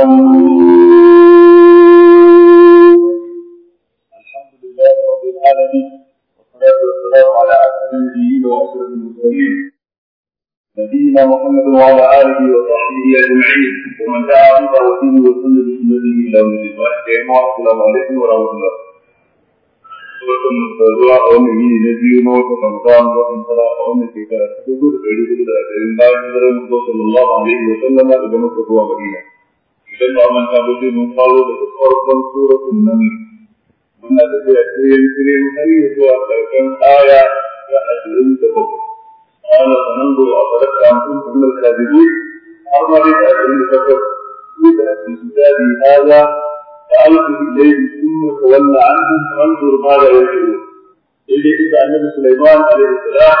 الحمد لله رب العالمين والصلاة والسلام على أسعد النبيين وأشرف المرسلين نبينا محمد وعلى آله وصحبه أجمعين ومن دعا بدعوته وسن بسنته إلى يوم الدين السلام عليكم ورحمة الله Wasan zuwa a wani a wannan ta sallallahu alaihi wa sallam idan ba man ta bude mun faro daga farkon suratul naml muna da ya tirin tirin har yi zuwa karshen aya ta ashirin da bakwai ana sanan a faɗa an kun kuma kabiru har ma da ashirin da takwas ni da ashirin da bi hada da alƙi ilayhi thumma tawalla anhum fanzur ma da yake Sulaiman alaihi salam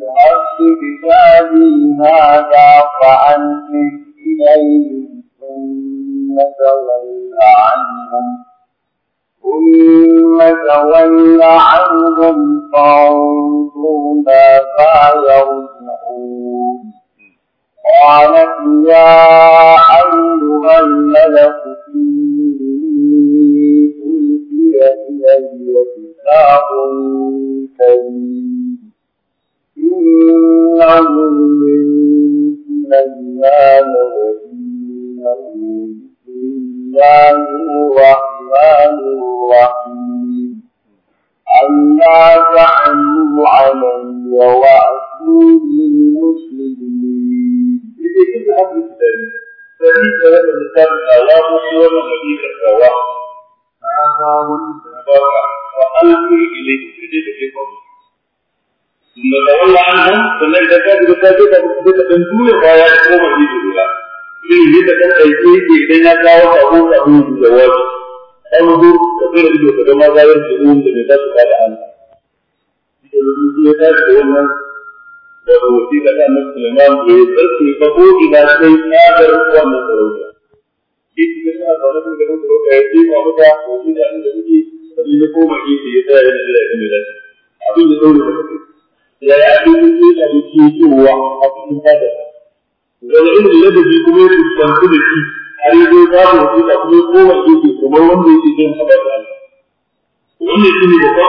بحسب كتابي هذا فأنزل إليهم ثم تول عنهم ثم تول عنهم فانظر ماذا يرجعون قالت يا أيها الملك إني أوتي إلي كتاب كريم إنهم من سليمان وإنه بسم الله الرحمن الرحيم ألا تعلوا علي وأتوني مسلمين. إذا كنت حد فليس هذا الكتاب الله صور نبيك السواء هذا هو البركة وألقي إليه في يدك na tawalla anhum sannan da kaji da kaji da duka dan duniya baya ya koma ji da ruwa sai ne da kan aiki ya kawo sabo sabo da wasu an zo da kai da da ya da da koma ya tsaya da ya fi kuke da yake zuwa a cikin fada wani irin ladabi kuma ya fuskanci da shi har yi zai babu wasu da kuma kowa gefe kamar wanda yake jin haɗa da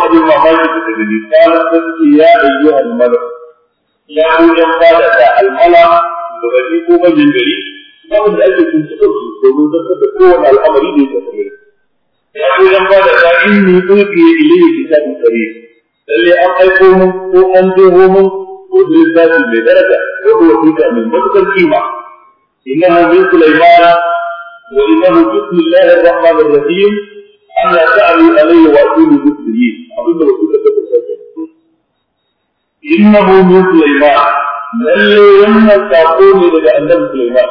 Allah wanda shi ne babban abin mamaki da ta gani kala sarki ya ayyu almala ya ku yan fada da almala da baki ko manyan gari ba wanda ake tuntuɓar su domin zartar da kowane al'amari da ya tafi ya ku yan fada da inni ulfiye ilayhi kitabun karim اللي أرقيقهم وأنزوهم وذلزات المدرجة وهو جزء من ملك القيمة إنه من سليمان وإنه بسم الله الرحمن الرحيم أن تعلو عليه وأكون بسمه أظن رسول إنه من سليمان من لينا تعطون إلى سليمان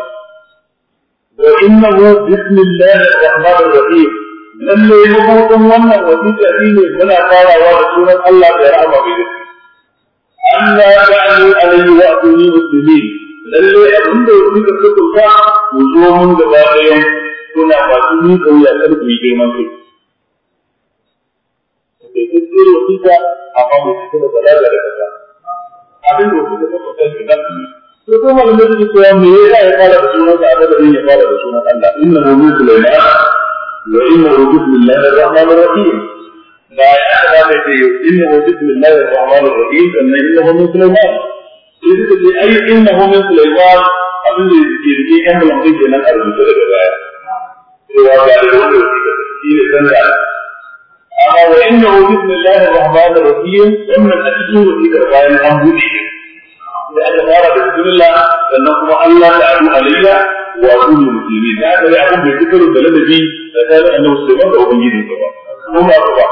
وإنه بسم الله الرحمن الرحيم lalle mabuɗin wannan wasiƙa shi ne muna farawa da sunan Allah da ya rama bai da Allah ya ani alayhi wa atuni muslimin lalle abin da yake da kuka ku zo mun da gaba ɗayan suna masu ni kauya kar ku yi girman kai da gaskiyar wasiƙa amma mu fita da balaga da kasa abin da wasiƙa ta kuka ki da ku to kuma malamai suke cewa me yasa ya fara da sunan sa a madadin ya fara da sunan Allah inna hu sulaiman وإنه بسم الله الرحمن الرحيم لا يعلم هذا الشيء إنه بسم الله الرحمن الرحيم أن إنه من سليمان إذا أي إنه من سليمان أقول لي ذكر لي أن المقيم من الأرض من سلك الآية هو قال له في تفسير أما وإنه بسم الله الرحمن الرحيم أن الأسجود في كفاية الأنبوبية لأن الله بسم الله أنكم الله تعالى عليها wa kullu muslimin da aka yi abin bai fi karo da ladabi tsakanin annabi Sulaiman da ubangijin sa ba kuma ba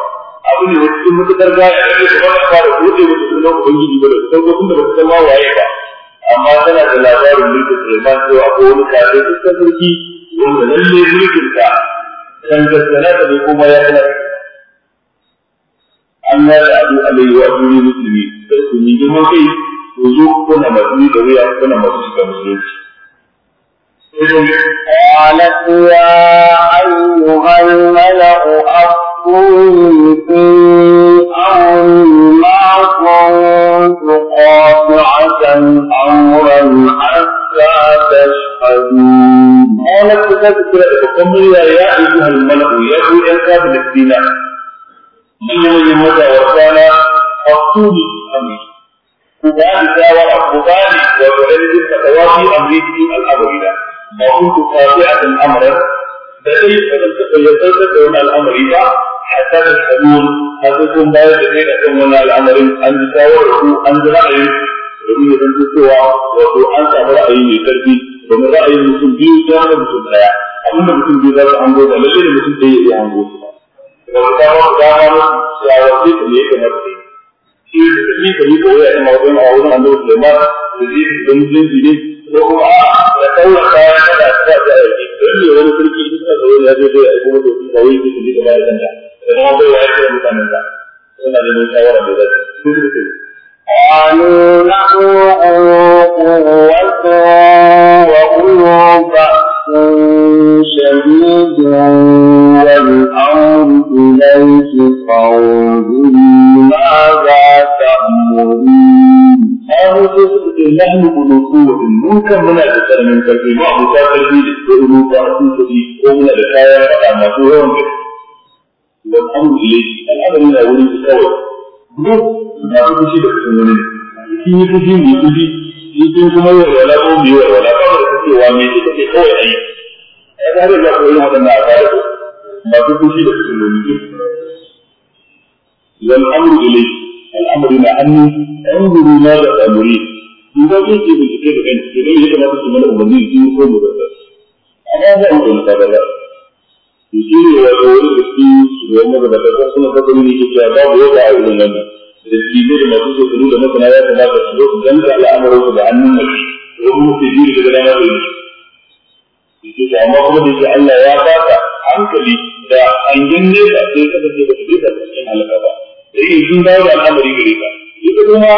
abu ne wata cikin mutukar gaya da ke ba ta da buɗe wata sunan ubangiji ba da sauko tunda ba ta san ma waye ba amma tana da labarin mulkin Sulaiman cewa ko wani kare dukkan sarki wanda lalle mulkin sa kan gaskana da kuma ya an musulmi kai masu wuya kuna masu قالت يا أيها الملأ أفضل في أمر ما كنت قاطعة أمرا حتى تشهدون قالت تكرة تقمر يا أيها الملأ يا أيها الملأ الكاب الدين من يوم هذا وكان أفضل أمري كبالي ساوى أفضل وتعلم تتواجي أمريكي الأبوية ما كنت قاطعة أمرا بدأي فلم تكن يتوسط دون الأمر إذا حتى تشهدون حقكم باية كثير أكون الأمر أن تشاوروا أن رأي domin ya zanto cewa wato an samu ra'ayi mai karfi domin ra'ayin mutum biyu ya hana mutum daya abin da mutum biyu za su hango ba lalle da mutum ɗaya ya hango shi daga ta ba ku dama musu ya wace ta ne ya kamar ta shi da ta yi koya ina a wurin annabi Sulaiman da zai da musulunci ne ko kuma a da kaura ka. da yake don wani sarki in ka zo ya zo da ya kuma doki ba wai yake da kuma bai da suna shawara da zai in yi fushi mu fushi in kuma yi wala ko mu yi wala ba da cewa me ke kake kawai ayi ya ga har yanzu akwai waɗannan a fara masu fushi da cikin mulki wal amru ilay al amru na annu anzuru ma da amri in ba zai ce bincike da kanki to ya kamata su mana umarni su yi ko mu da amma ba mu da mutaba shi ne wato wani da su su yi magana da kuma kuma ne ke cewa babu yadda a irin wannan da jini da masu shekaru da masana ya kamata su zo su danta al'amuran su da hannun mace wani mafi jiri daga dama da yi yake ta amma kuma da yake Allah ya baka hankali da hangen nesa sai ka kace ba su bi ka cikin halaka ba da yi sun dawo da al'amari gare ka ita kuma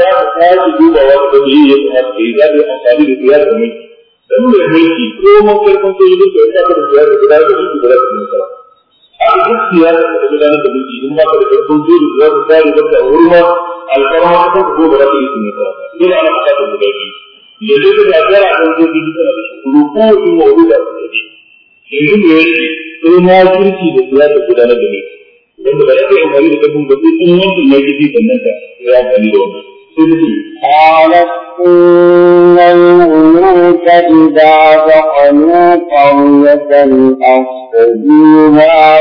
za ka sake dubawa ka ga yi ya kamata ka yi za ka yi amfani da siyar da mulki dan mai mulki ko mafarkin sai yi duka ya ka da siyar da gudanar da mulki ba za ka yi nasara abu duk siyasa da gudanar da mulki in ba ka da karfin dole da za ka a wurin yi ana buƙatar guda biyu da duk da a kan قالت إن الملوك إذا دخلوا قرية أفسدوها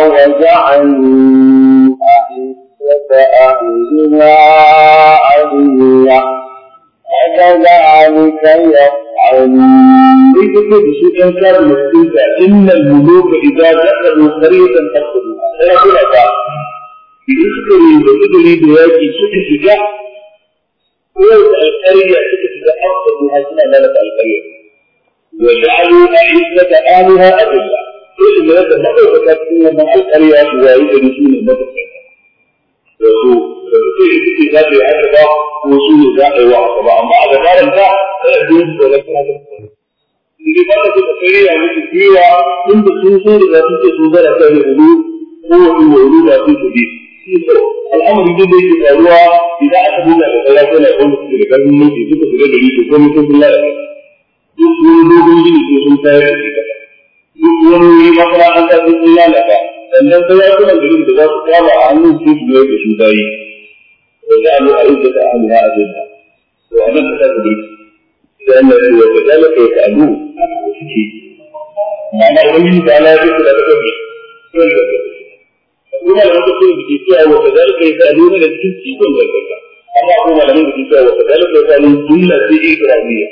وجعلوا أعزة أهلها أذلة وكذلك يفعلون. إذا شيء كان مكتوب إن الملوك إذا دخلوا قرية أفسدوها. إذا كنت إذا كنت إذا كنت إذا كنت قوة القرية تكتب أكثر من هذه الأمانة القرية وجعلوا أعزة أهلها أدلة كل ملك مقوة تكون من القرية شوائية رسول المدرسة وسوء فبتيجي تكتب ذاتي عقبة وسوء ذاتي وعقبة أما على ذلك لا يجوز ولكن هذا اللي بدأت القرية المتكبيرة من بسوء ذاتي تسوء ذاتي الهدوء قوة الهدوء في سبيل al'amari duk da yake faruwa idan aka buga da tsara ko na wanda suke da karfin mulki suka shiga gari to komai sun kula da duk wani dogon gini ko sun tayar da shi duk wani wuri masana'anta sun sun lalata sannan sai ya kuma garin da za su kama a hannun su su mai da su bayi da mu a izzata a hannun a zai to a nan da sai an yi ta kajala kai ka alu a suke ma'ana wani da ala ya fi da kasa ne su malaman da suke ke cewa wa kazalika yasaluna da cikin cikon zargaka amma ko malaman da suke cewa wa kazalika yasaluna jumla ce ibrahimiyya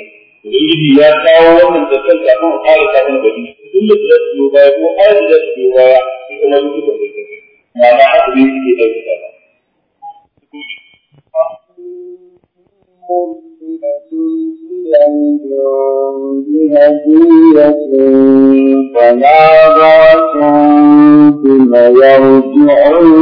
ubangiji ya kawo wannan zargan kafin a fara kafin gari jumla da su biyo baya ko ayat da su biyo baya sai kuma su cikin zargaka ma'ana haka ne suke aikata ba قبلة هي بهدية فناظرة ثم يرجع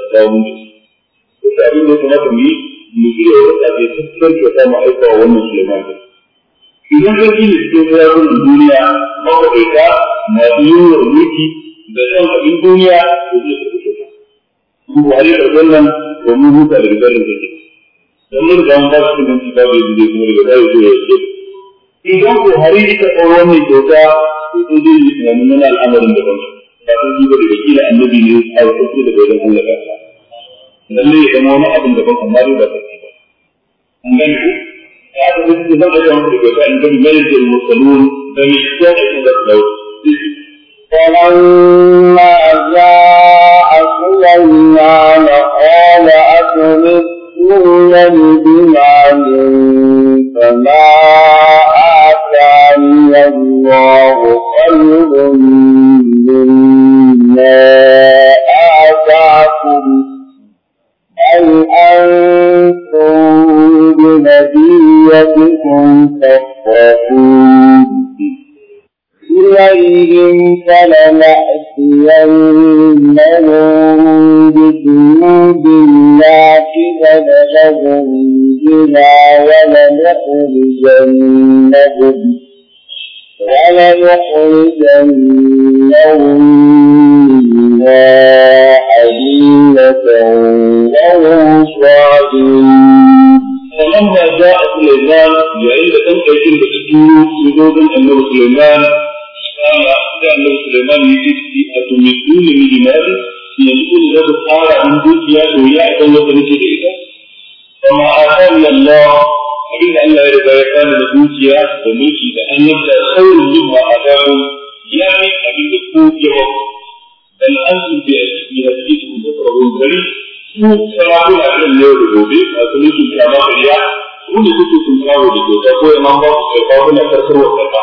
da yan da abin da ya kamata mu yi mu shirya wani kaje sun ya ta aika wa wannan Suleiman da idan ka gina cikin sararin duniya makwadaita masu yiwuwar mulki da san abin duniya da zai tafi kyauta su buhari da wannan da mu huta da ribarin da ke don mun ga ba cikin da ba da zai kuma daga zai zo ya ce idan hari ka tsawon wannan kyauta to zai yi tunanin wani al'amarin daban ba sun ji ba daga kila annabi ne a wasu da bai don Allah ba lalle ya zama wani abin daban amma dai ba sarki ba an gani ku ya ta zai da zan aika muku da kyauta in gani mai da musalun da mai shi ya aiki da su فلما جاء سليمان قال أتمدونني بمال فما آتاني الله خير مما آتاكم هل أنتم بنبيتكم تفرحون إليهم فلنأتينهم بجنود لا قبل لهم بها ولنخرجنهم ولنخرجنهم منها حليلة وهم صاغرين فلما جاء سليمان يعيد أن تجد بسجود سجود النبي سليمان قال جاء النبي سليمان يجد أتمدون من مال يقول له قال عندك يا ويا أتوقع لك إذا وما آتاني الله abin da Allah ya riga ya kana da dukiya da mulki da annabta saurin yin ma a dawo ya ne abin da ko yawa dan asu bi asbi hadithu da farko gari su sarau na kan yau da gobe a kuma kin kama kariya su ne suke sun kawo da gobe ko imam ba su karba kuna karkarwa karba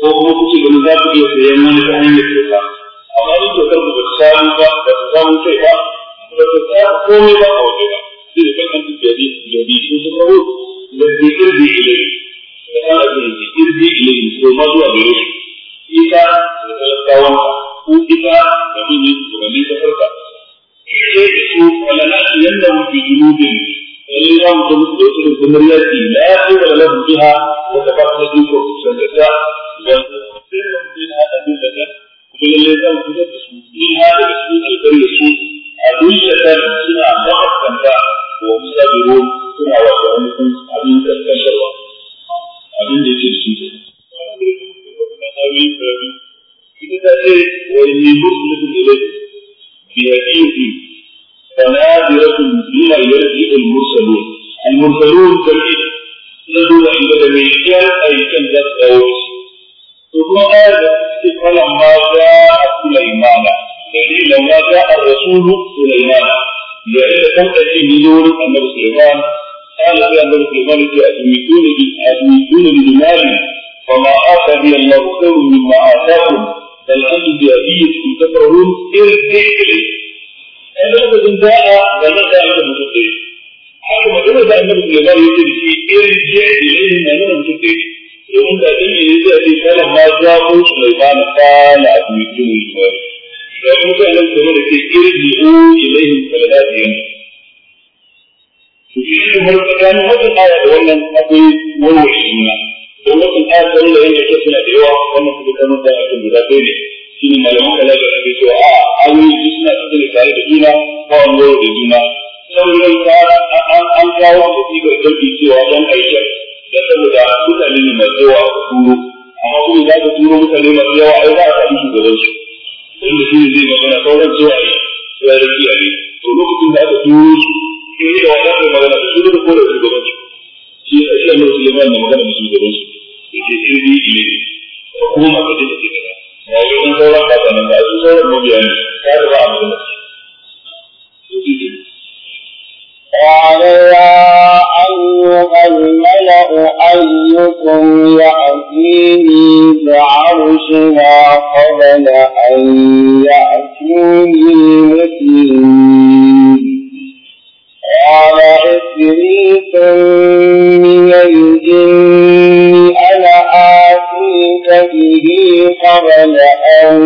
ko kuma kuke ganin za ku iya sayan wani ta hanyar kyauta amma ni kyautar ku ba ta samu ba ba ta samu kai ba ba ta samu komai ba a waje ba في فقط الجديد الجديد يسمعه الذي ارضي إليه فقال الذي ko ita da mun yi tunanin ta farka sai da su yanda mu bi junubin mu da wata rundunar yaki la ya fi walala mu biha da ta ba ta da da da ta kuma lalle za mu fitar da su da su su a duniya ta suna ba وهم صابرون suna wato ainihin abin kaskantarwa abin da yake da shi kenan. Ita ta ce wa inni muslimin ilayhi bi haqiqi fanadiratun bima yarji al-mursalun al-mursalun kalli na duba inda da mai kiyar ayyukan da su dawo shi. To kuma ayar da suke falan ma za a kula imana. Sai ne lamma za a rasulu kula imana. kan ƙarshe ni zo wurin annabi Sulaiman kana sai annabi Sulaiman ya admituna bi admituna bi mali fa ma atani Allah khairu mimma atakum bal antum bi abiyikum tafrahun irji ilay ai lokacin da a wannan da aka mutu dai haka magana da annabi Sulaiman ya ce shi irji ilay na nan mutu dai domin da din ne ya ce kana ma ja ko Sulaiman kana admituna bi mali da mutanen da ke irji ilay da lafiya Hikimar tsakanin wannan aya da wannan akwai warware juna. Don wannan aya da wannan yanke ke suna da yawa wannan kuma kan da aka guda ɗaya ne. Shi ne malaman kala da ake cewa a ayoyi duk suna tattale tare da juna ba wani da juna. Sauran ta an kawo da sigar dalbi cewa don aikin da saboda mutane ne mai yawa a turo. Amma kuma za ka turo mutane masu yawa ai za a sami shugabansu. Wanda shi ne zai magana sauran zuwa yi. Sai rakiya ne. To lokacin da aka turo su in da wata mai magana da su duka kore shugaban su shi ya shi annabi Sulaiman na magana da shugaban su yake irbi Kuma ka koma ka dinga cikin ba wai dan sauran ka sanan ba su sauran mabiya ne ka da ba a magana قال يا أيها الملأ أيكم يأتيني بعرشها قبل أن يأتوني مسلمين وكفريتا من الجن أنا آتيك به قبل أن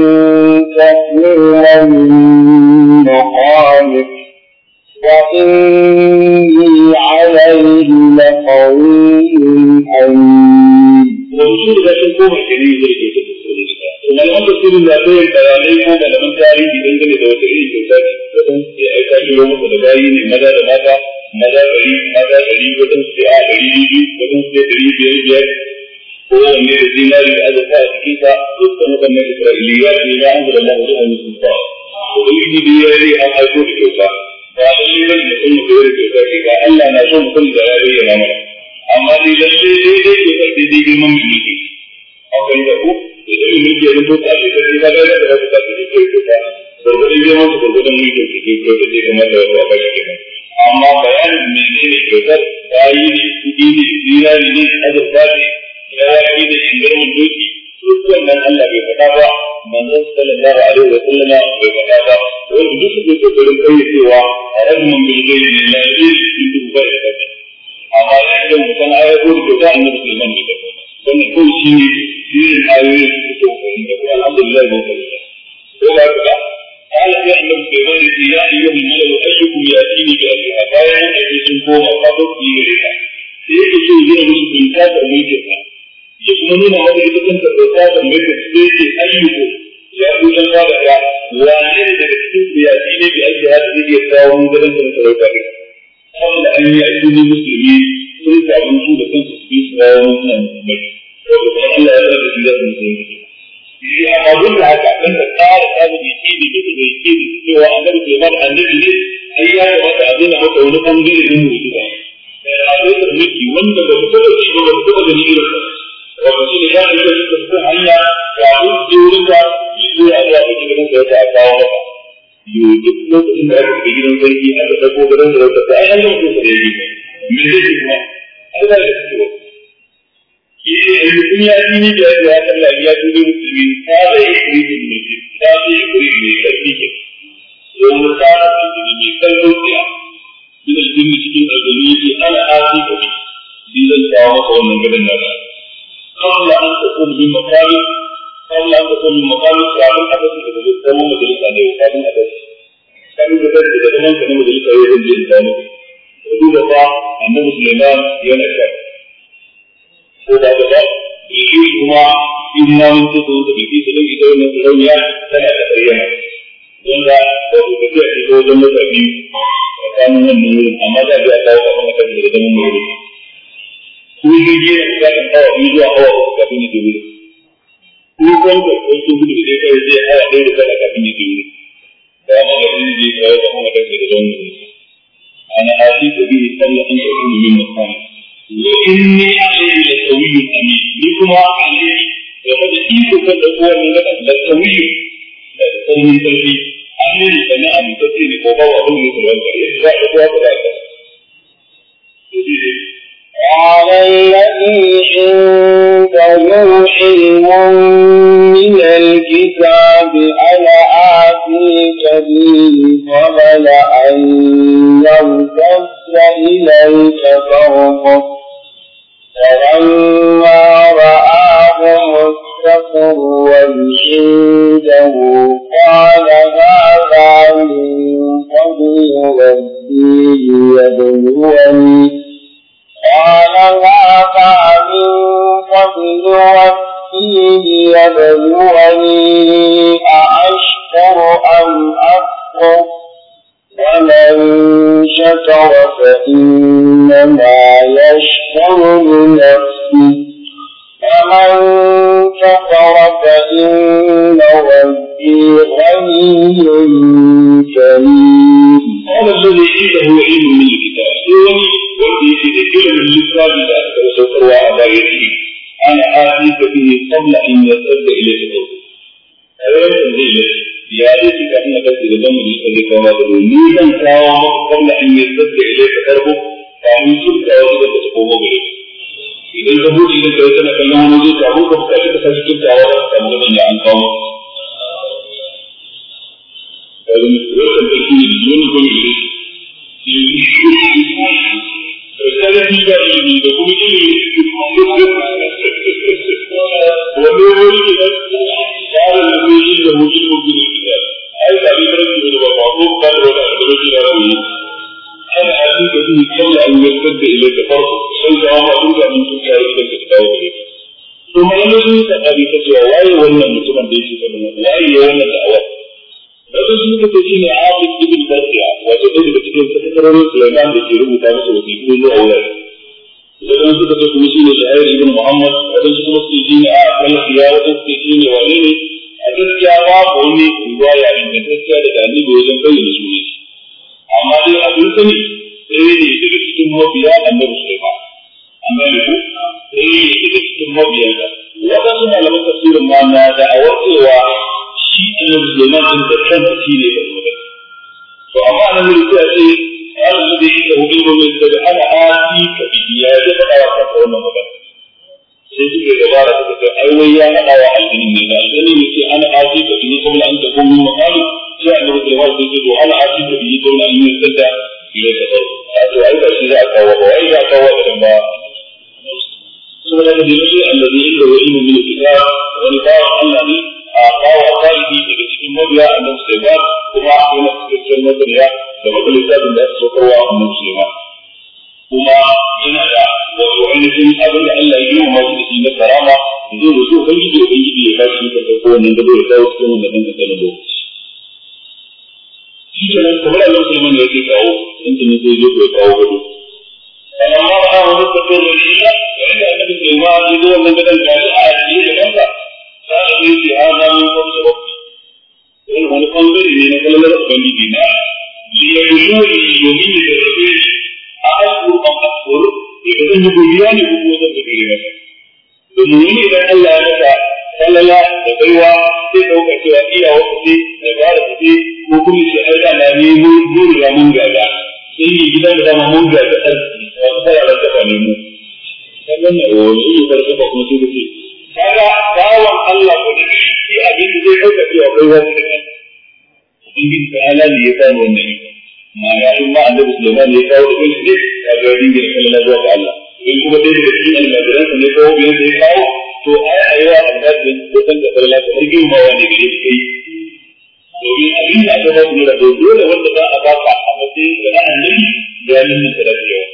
تكون من مقامك وإني عليه لقوي أمين. maza ɗari maza ɗari wajen su a ɗari biyu wajen su ɗari biyar biyar ko wanne da zinari da azurfa a cikin sa dukkan waɗannan isra'iliya ne na an zura Allah wajen hannun sun kawo. Ubangiji da ya yi an aiko da kyauta ba a yi wani mutum da kawai da kyauta ce ba Allah na so mutum da ya bayyana mana. Amma ni lalle daidai kyautar daidai girman mulki. Akwai da ku idan mulki ya zanto ta ce sai ka ga da za ta ta ce kyauta. Gwargwadon girman su gwargwadon mulkin ke kyauta ce kamar da wasu a bashi kenan. amma bayanin menene kyautar bayi ne kudi ne dinari ne azurfa ne dawaki da shingarmin doki duk wannan Allah bai faɗa ba manzon sallallahu alaihi wa sallama bai faɗa ba wanda duk suke kokarin kayyacewa a rajmin bil ghaibi ne la yajid min dubai da kafi amma ya ga mutan ayatu kyauta annabi sallallahu alaihi wa sallam kawai shi ne irin ayoyin da suke kokarin da alhamdulillah mun tambaye ka sai ke ayyuku ya ku san da ya wane ne daga cikin ku ya ne bi ake hada zai iya kawo wani gadon da mutum ya gidan sarki aka dako gidan da ta ai an yi mutum da sarauniya tana da karyama don ga wato tafiya ce ko wajen mota biyu tsakanin wannan wurin amma za a biya kawo a kan kan da zaman mai wurin ko jirgi ne ka kan kawo biyu zuwa awa uku kafin ya je wurin ko wanda ko su gudu da kai zai awa ɗaya da kala kafin ya wurin da amma ga wani je kawo a kan kan da zaman mai wurin ana asibu bihi sallallahu alaihi wa sallam wa inni alayhi da sawiyyun amin ni kuma iko kan da kowa ne zaka da tawili da komai karfi amuri da na amintacce ne ko ba wa abin da ya za a kowa da على الذي عنده علم من الكتاب آتيك به قبل أن يرتد إليك فلما عنده قال هذا من فضل ربي ليبلوني قال هذا من فضل ربي ليبلوني أأشكر أم أكفر ومن شكر فإنما يشكر لنفسه ومن كفر فإن ربي غني كريم قال الذي عنده علم من الكتاب هو والذي في علم الكتاب لا تسكر على يده أنا آتيك به قبل أن يرتد إليك قلبك أولا تنزل إليك يا ليتك أن تجد دم جسدك وما تدري لي أن قبل أن يرتد إليك قلبك فأن شرك وجدك تقوم بإليك idan ka buɗe idan kai tana kallon wani zai kawo ka buƙaci ka sake kiftawa ka ta gaban da an kawo da shi ne kuma ne da kuma ne yi da ne ne اتيك به قبل ان يرتد اليك فرقه سوف اعطيك من تلك يرتد الدعوه اليك ثم يلزم تقابيك واي ولا متما بيك واي ولا دعوه wajen sun suka shi ne abin ibn barkiya wato ɗaya daga cikin sakatarorin Sulaiman da ke rubuta masa wasiƙu zuwa wurin wajen suka ce kuma shi ne sha'ir ibn Muhammad wajen su kuma su shi ne a kan siya wajen su shi ne wane ne a gaskiya babu wani ruwaya ingantacciya daga annabi wajen bayyana sunan shi amma dai abin sani ɗaya ne daga cikin mabiya annabi Sulaiman an gane ku ɗaya ne daga cikin mabiya da waɗansu malaman tafsirin ma na da'awar cewa shi annabi Sulaiman din da kanta shi ne da mu to amma nan ne sai a ce an su da hudu mai da ana aji ka biya da faɗa wa kanka wannan magana sai suka dabara suka ce ai wai ya naɗa wa aljini ne da aljini ne sai ana aji ka biya kuma an ta kuma mu makalu sai annabi Sulaiman sai ce to ana aji ka biya kuma an yi sadda shi ya ka to ai ba shi za a kawo ba ai za a kawo irin ba saboda da dai allazi inda wa ilmu min kitab wani ba Allah ne a kawo tarihi daga cikin mabiya annabi Sulaiman kuma yana cikakken mabiya da mabiya da su kawo annabi Sulaiman kuma yana da wato ainihin abin da Allah ya yi masu da shi na karama zai zo ubangiji ubangiji ya kashi ka ko wannan da bai kawo cikin wannan da kan da shi zai ɗauka cewa kai wani ta ala ne ya kawo wannan ma ya ma annabi sulaiman ya kawo da ne ka ga dingina zuwa ga Allah in kuma dai ne kawo ya kawo to ai a yi wa almajirin ko san da ne gare kai domin abin da aka da dole wanda za a baka a matsayin da na annabi da da yawa.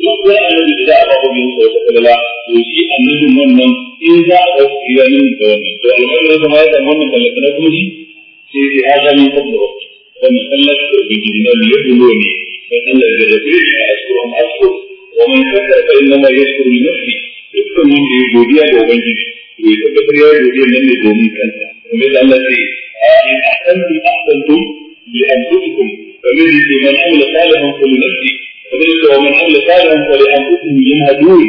Duk wani annabi da za a to shi annabin wannan in za a wasu tsiyanin da wannan to alƙawarin sama ya san wannan tallafin kuma shi sai zai haɗa min kan da wasu wannan tallafi da ubangiji na biyar da ne don Allah ya rabe yi a asuran asur wa man kasa fa inna ma yashkuru li nafsi dukkan wanda ya godiya ga ubangiji to ya tabbatar ya godiya nan ne domin kansa kuma da Allah sai in ahsantum ahsantum li anfusikum kamar yake man amila salihan fa li kamar yake man amila salihan fa li anfusihim yamhadun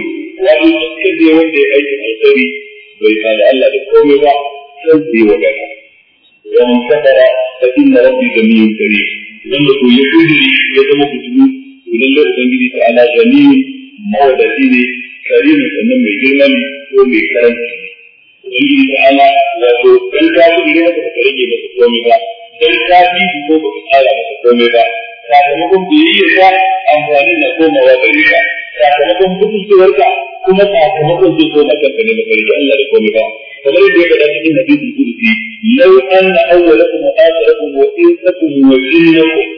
wani mutum ne wanda ya aiki alkhairi bai kada Allah da komai ba sai su yi wadata wa man kafara fa inna rabbi gamiyyun karim idan da ku ya kudiri ya zama kuturu to lalle ubangiji ta ala ganiyun mawadaci ne karimin sannan mai girma ne ko mai karanci ubangiji ta ala wato dan ka kudiri maka ka rage masa komai ba dan ka bi ko ba ka tsara masa komai ba sakamakon biyayyar ka amfani na komawa gare ka sakamakon mutuncewarka kuma sakamakon zai koma kanka ne maka rike Allah da komai ba kamar yadda ya faɗa cikin hadisin kudusi lau anna awwalakum wa akhirakum wa insakum wa jinnakum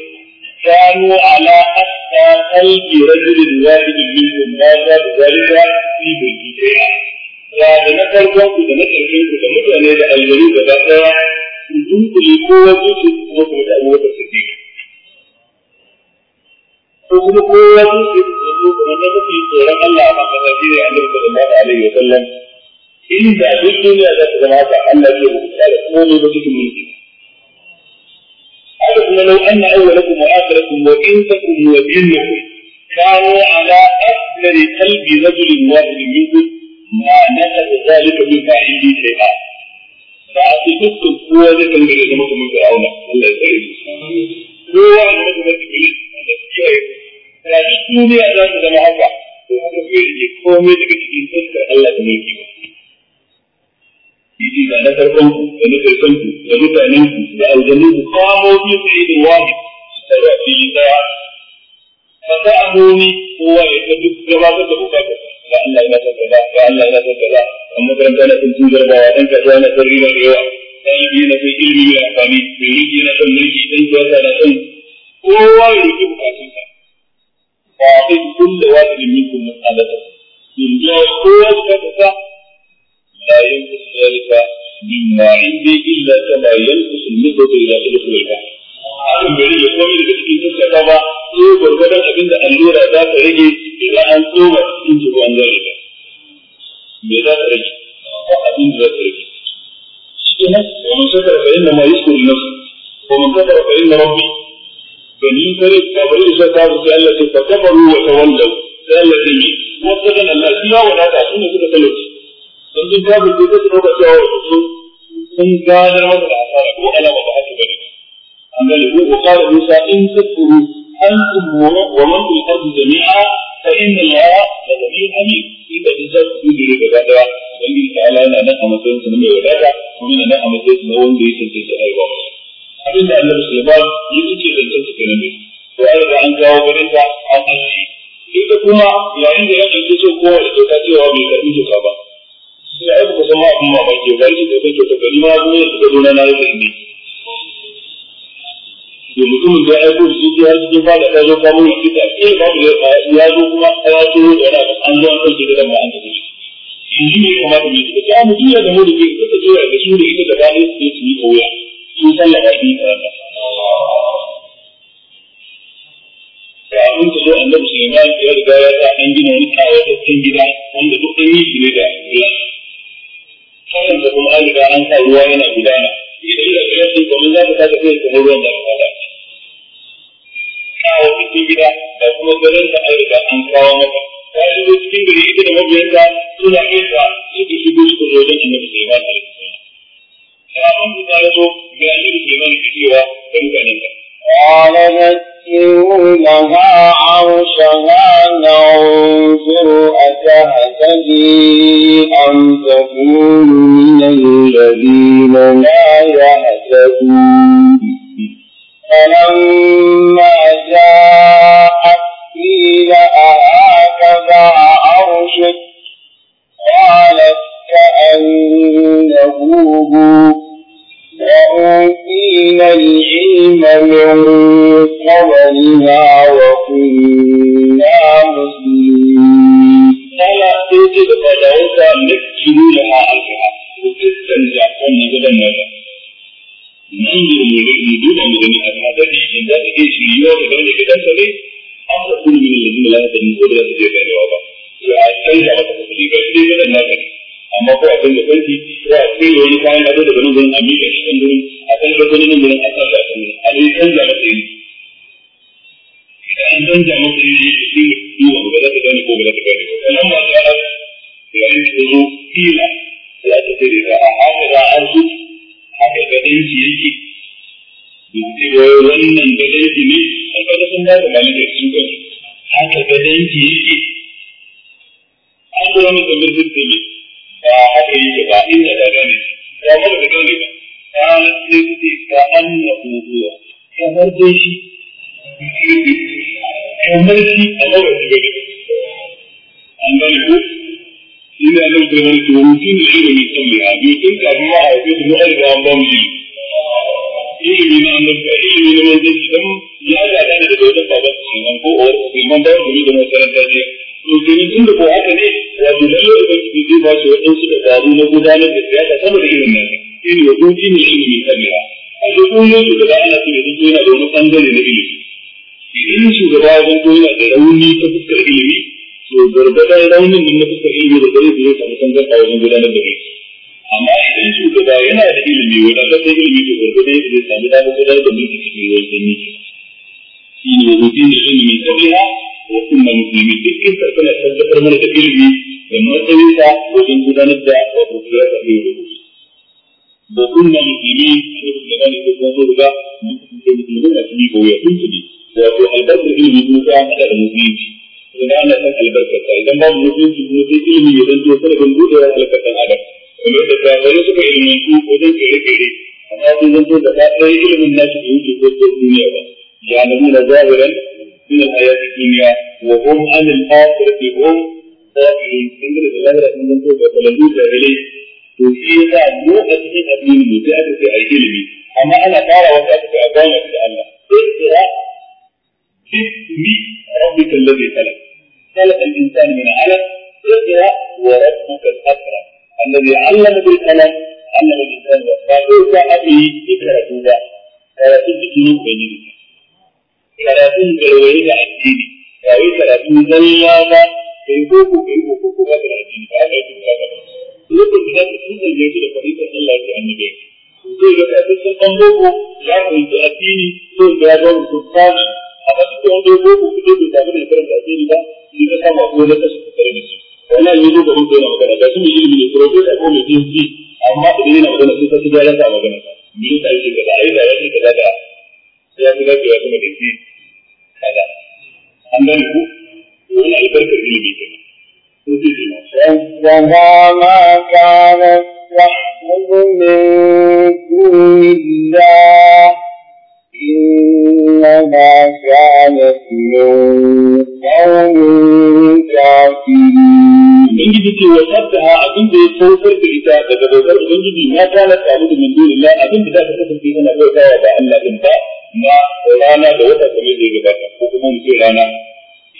كانوا على أخطى قلب رجل واحد منكم ما زاد ذلك في بيته شيئا da na farkon ku da na ƙarshen ku da mutane da aljaru gaba ɗaya ku dunkule kowa kuma ku da abubakar siddiq ko kuma kowa sun ce su zo wanda ta fi tsoron Allah a maka shi ne annabi sallallahu alaihi wa sallam inda duk duniya za ta zama haka Allah zai rubuta da komai ba cikin mulki haka kuma lau anna awwalakum wa akhirakum wa insakum wa jinnakum كانوا على أفضل قلب رجل واحد منكم ما نقض ذلك من فاعله شيئا فأعتقدتم هو ذكر من زمكم من فرعون الله يسلمك هو على مدى الإبليس أن يسيئه rayu a za su zama haka to haka zai rike komai daga cikin fuskar Allah da mulki ba yi da na farkon ku da na farkon ku da mutanen ku da aljanu ku kamo su su yi da wani su tarwa fili daya fasa amoni kowa ya ta duk gabatar da bukatar Ba Allah na san kaza ba Allah na san kaza amma makaranta na kun jarbawa dan kaza na san riba da yawa ɗalibi na san ilimi mai amfani mai riki na san mulki dan siyasa na son kowa ya riki bukatunsa فأعطيت كل واحد منكم مسألته من جهة قوة كتفة لا ينقص ذلك مما عندي إلا كما ينقص المدة إلى خلق البحر abin bari ya komai daga cikin tattaka ba sai gwargwadon abin da allura za ta rage da an tsoma cikin jiru an ba me za ta rage ba abin da za ta rage kuma da ma بني فريق كفروا شتى وسأل التي فكفروا وتولوا سأل التي وقتنا الله فيها ولا تعصون كده تلوت sun sun kafa su ta tsoka cewa sun gadar masa da asara ko alama ba haka bane an gane ko wa qala musa in takfuru antum wa man fil jami'a fa inna allaha la ghaniyyun in da duk zai ku dire gaba daya mai wadata wanda ya abin da Allah Sulaiman ya tuke zancen su kenan ne to an riga an kawo garin ta an aji ita kuma yayin da ya ɗauki so kowa da kyauta cewa mai karɓi kyauta ba sai ai ba san ma abin mamaki ba yake da kake ta gari ma zuwa da suka zo na na yake ne da mutumin da ya aiko da shi har cikin fada ta zo kamun shi ta ke eh, ba da ya zo kuma ya so da yana an zo an ɗauke da dama an tafi shi ne kamata mai ta ta ah, mutum ya zama da ke ta ce da su da ita da ba ne su ne su yi kauya sun sallaka shi da wannan kafin ta zo annabi musulma ya riga ya sa an gina wani kawataccen gida wanda duk an yi shi ne da ruwa. Sannan da kuma an riga an sa ruwa yana gudana. Idan da kuma sun kuma za ka saka sai kuma ruwan da ka fada. cikin gida da kuma garin da an riga an kawo maka. Ta yi zo cikin gari ita da mabiyanta suna isa suka shigo suka zo wajen annabi Sulaiman a rikin. Kafin ta zo sai annabi Sulaiman ke cewa da قال نكرونها عرشها ننظر أتهتدي أم تكون من الذين لا يهتدون فلما جاءت قيل أهكذا عرشك قالت كأنه هو أوتينا العلم من قبلنا وكنا مسلمين قال أوتي بقدرك نكتلوا لها ألفها وتستنجع كل غدا ماذا ننظر لدون أن نغني أنها تدري إن ذات إيش اليوم غدا غدا سنة أفضل من الذين لا يدرون قدرة جيبان وابا وعاد كل ما تفضل غدا غدا ماذا amma ko a canza fanti ko a tsere wani kayan ado daga nan gurin a miƙa shi kan gurin a kan da wani nan gurin a sa shi a kan gurin a dai canza masa yi idan an canza masa yi ne shi ne duwa ba za ta gane ko ba za ta gane ba sannan ba ta ala yayin da ta zo kila za ta tsere ta a haka za a su haka gadon shi yake cewa wannan gadon shi ne a kada sun ba da malikar sun kan haka gadon shi yake an zo mai kamar zai aka yi ba inda ta gane shi ya wani ba gane ba قالت سيدتي كأنه هو kamar dai shi kamar shi a mawar da gani an gane ko shi ne annabi da wani tuwa mutum da ilimi a biyu tun kafin ma a haife su mu arziki an ba mu ilimi na annabi ilimi na manzanci dan ya gada ne daga wajen babansa shi ko uwar su man bayar gumi da makaranta jiya to kenan tun da ko haka ne da lallai ubangiji zai ba shi waɗansu dabaru na gudanar da siyasa sama da irin nan? shine ya zuci ne ilimin kamera a duk wani shugaba ana so ya zuci yana da wani bangare na ilimi idan shugaba ya zanto yana da rauni ta fuskar ilimi to gargadan raunin din na fuskar ilimi da gare zai samu tangar a wajen gudanar da mulki amma idan shugaba yana da ilimi wadanda sai ilimi to gargadan yadda zai samu damar gudanar da mulki cikin ruwan sanyi shine yuzutin da ilmi min qabliha wa kunna muslimin duk kisa tana tabbatar mana da ilimi da matsayin sa wajen gudanar da wato kira ta ilmi da kunna muslimin da kuma da kuma zo da musulmi da shi ko ya tuntubi wato albarkar ilimi kuma ta hada da musulunci idan ana albarka albarkarsa idan babu musulunci kuma sai ilimi ya zanto sanadin budewar albarkar adam kuma da tsawon suka ilmantu wajen kere-kere amma sun zanto da ɗaya ilimin nasu da wuce ko duniya ba يعملون ظاهرا من الآيات الدنيا وهم عن الآخرة هم قائلون عندنا في الآخرة من نقول فلنوز إليه وفيها مو أسهل أبنين مجاهد في أي أيدي أما أنا قال وقعت أبانا في الله اقرأ باسم ربك الذي خلق خلق الإنسان من علق اقرأ وربك الأكرم الذي علم بالقلم علم الإنسان وقال اقرأ به اقرأ توبة قال تجد جنوب بين karatun garwaye da addini ba wai karatun zalla ba kai boko kai boko ko ba da addini ba haka yake bukata ba lokacin da ka da zarge shi da fahimtar Allah ya annabi zai ga kasashen ɗan boko ya fahimci addini zai ga ya zama mutum kashi a kasu wanda ya boko ko bai samu da karanta addini ba sai ka samu abu na kasu tare da shi wani an yi zo gaban ko yana magana ga su mai ilimi ne profesa ko mai PhD amma idan yana magana sai ka ci gyaran ka magana me yasa yake kaza ai da ce kaza da sai ya fi dacewa sama da shi kaza an gane ku wani albarkar ne kenan ke nan يحفظ من دون الله إنما كانت من قوم كافرين. Ubangiji ce wa saddaha abin da ya saukar da ita daga bautar Ubangiji ma kana ta abu da min dole abin da za ta kasance tana bautawa ba Allah din ba na rana da wata kamar zai gabata ko kuma mu ce rana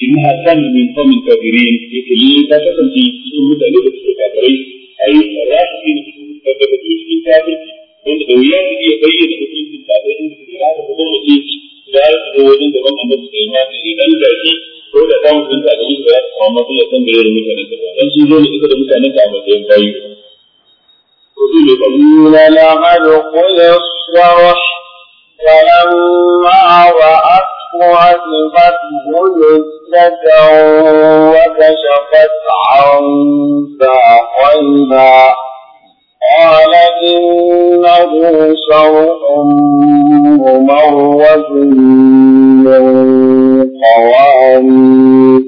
inna kan min qawmin kafirin yake ni ta kasance cikin mutane da suke kafirai ai ne da da cikin wanda da wuya ya bayyana da rana da kuma da ya zo wajen da ma ne dan ko da ta da shi ya mutum ya san da da dan sun zo ne da mutanen da ba sai ko ba فلما رأته عجبته نزة وكشفت عن ساقيها قال إنه شرح ممرد من قوارير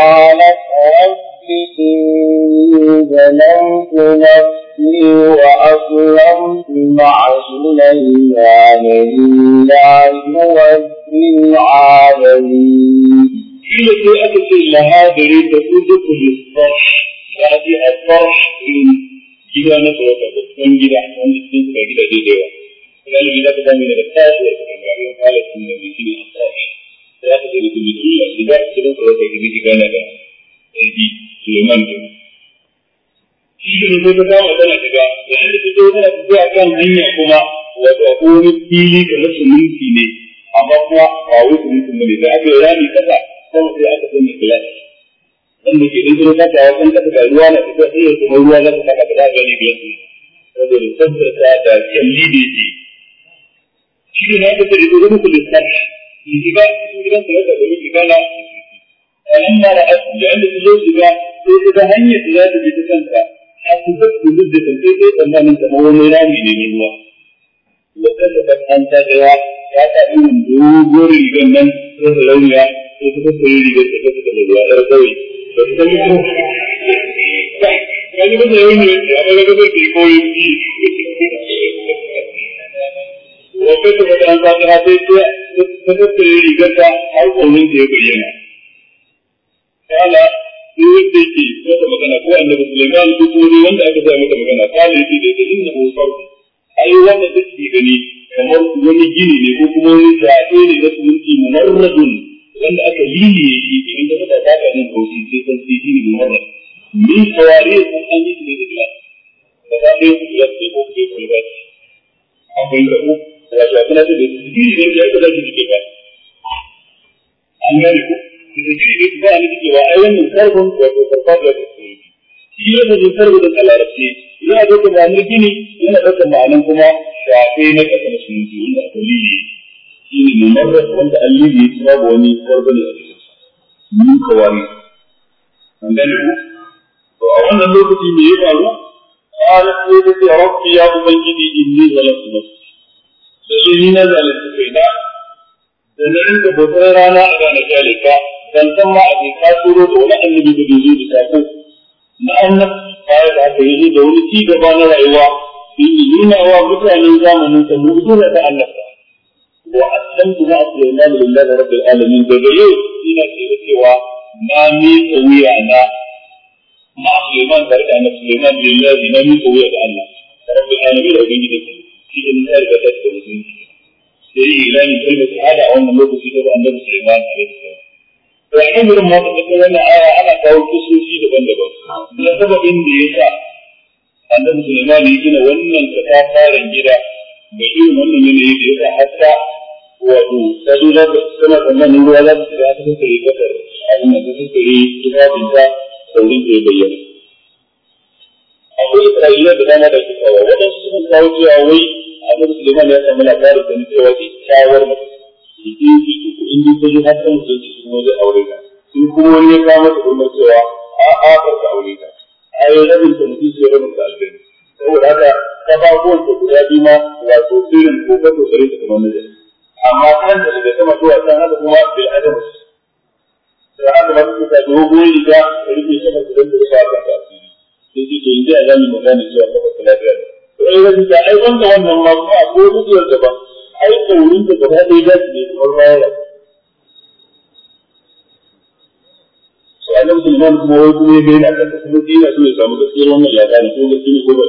قالت رب إني ظلمت نفسي نفسي وأسلمت مع سليمان لله رب العالمين إلا في أكثر لها بريد كتب الفرش يعني الفرش من da tsohon gida wanda sun suka gida zai da yawa. gida ta zama daga da mai shi ne a tashi. Za ka zai da kuma da da shi ne ta kama tana shiga yayin da fito tana tafiya kan hanya kuma wato akwai wani fili kamar suminti ne amma kuma ba wai suminti ba ne da aka yi rami kasa kuma sai aka sanya gilas da ke dinkin kasa ya san kasa ga ruwa na fito sai ya kuma ruwa za ta saka ba za a gane ne saboda tabbata da kyalli da yake shi ne na kasa da ita wani lissafi in shiga cikin gidan sa yadda domin ibada a nan mara asibiti da inda su zo shiga sai ta hanyar da za ta bi ta kanta a cutar da duk da kan sai tsammanin kamar wani rami ne ne ruwa wadanda ta an ta gaya ya ta irin dogon rigan nan ta rauniya ko ta kasance rigar ta da ruwa ɗar kawai ba ta sani ko wani masa yau ne a wani gasar da ya koyi ji wata ta kasa ta gaya sai ta kasance rigar ta har kaunin ta ya bayyana. Kala, duk wanda yake masa magana ko annabi Sulaiman duk wani wanda aka sa masa magana kala yake da inna hu sarfi ai wanda take gani kamar wani gini ne ko kuma wani zaɓe ne na sunki mumarradun wanda aka liliye shi idan ka saka ta nan hoshi sai san sai gini mumarrad min kawari ko an yi ne da glass da ta ɗaya kuma glass ne ko kuma kwalba akwai da ku wato a kuna ce da gini ne da aka zaki ba an gane ku Zikiri ne ba, ba'a nufi cewa ai wannan karfin wato farfaɗiya ta ce. Shi ne mutum karfin a da yana ɗaukar ma'anar gini yana ɗaukar nan kuma shafe na ƙasa na sunanci wanda aka liye. Shi ne mai marar wanda an liye shi babu wani karfin a cikin sa. Ni An gane ku? To a wannan lokaci me ya faru? Ƙalar sai rabbi ya ubangiji in ne nafsi. Sai ni na zalunci kaina da na da bautar rana a ranar jalika dan san ma a ce ka turo da wani annabi da bai zo da sako na annab baya da haka yazo da wani ci gaba na rayuwa in nuna wa mutanen zamanin sa mu'jiza ta annab wa aslamtu ma sulaiman lillahi rabbil alamin daga yau ina cewa na ni kawiya na ma sulaiman da da annab sulaiman lillahi na ni kawiya da Allah rabbil alamin da ubangiji da shi ne na riga ta da mutunci sai ilahi kalmar shahada a wannan lokaci da annabi sulaiman alaihi salam to a nan wurin ma wannan aya ana kawo kisoshi daban-daban Ya na sababin da ya sa annabi Sulaiman ya gina wannan katafaren gida da irin wannan yanayi da ya sa hatta wato sadu za suna tana nan, ruwa za su shiga ta tattare kasar abin da ta tattare tufafinta saurin ta ya bayyana akwai isra'iliya da dama da suka kawo waɗansu sukan kawo cewa wai annabi Sulaiman ya samu labarin da cewa ke kyawar mutum shi ke in dai ta zo har ta mutu ta kuma aure ta sun kuma wani ya kawo mata kuma cewa a a ka aure ta a yau rabin ta mutu sai rabin ta aljanna saboda haka ta ba kowace ta guda biyu ma wato sirrin ko ka kokarin ta kamar mijin amma kan da daga sama zuwa kan haka kuma bil adam da haka ba su ta dogon riga da rike sama da dan da rufa kan ta asiri sai ce to yanzu a zamu magana cewa kafa ta lafiya ne to ai rabin ta ai wanda wannan ma a ko duk yau ba. ai kaurin da gaba ɗaya za su ne kamar bayan na musulman kuma wai kuma ya ga yana kan kasar da yana so ya samu gaskiyar wannan ya ko gaskiya ne ko ba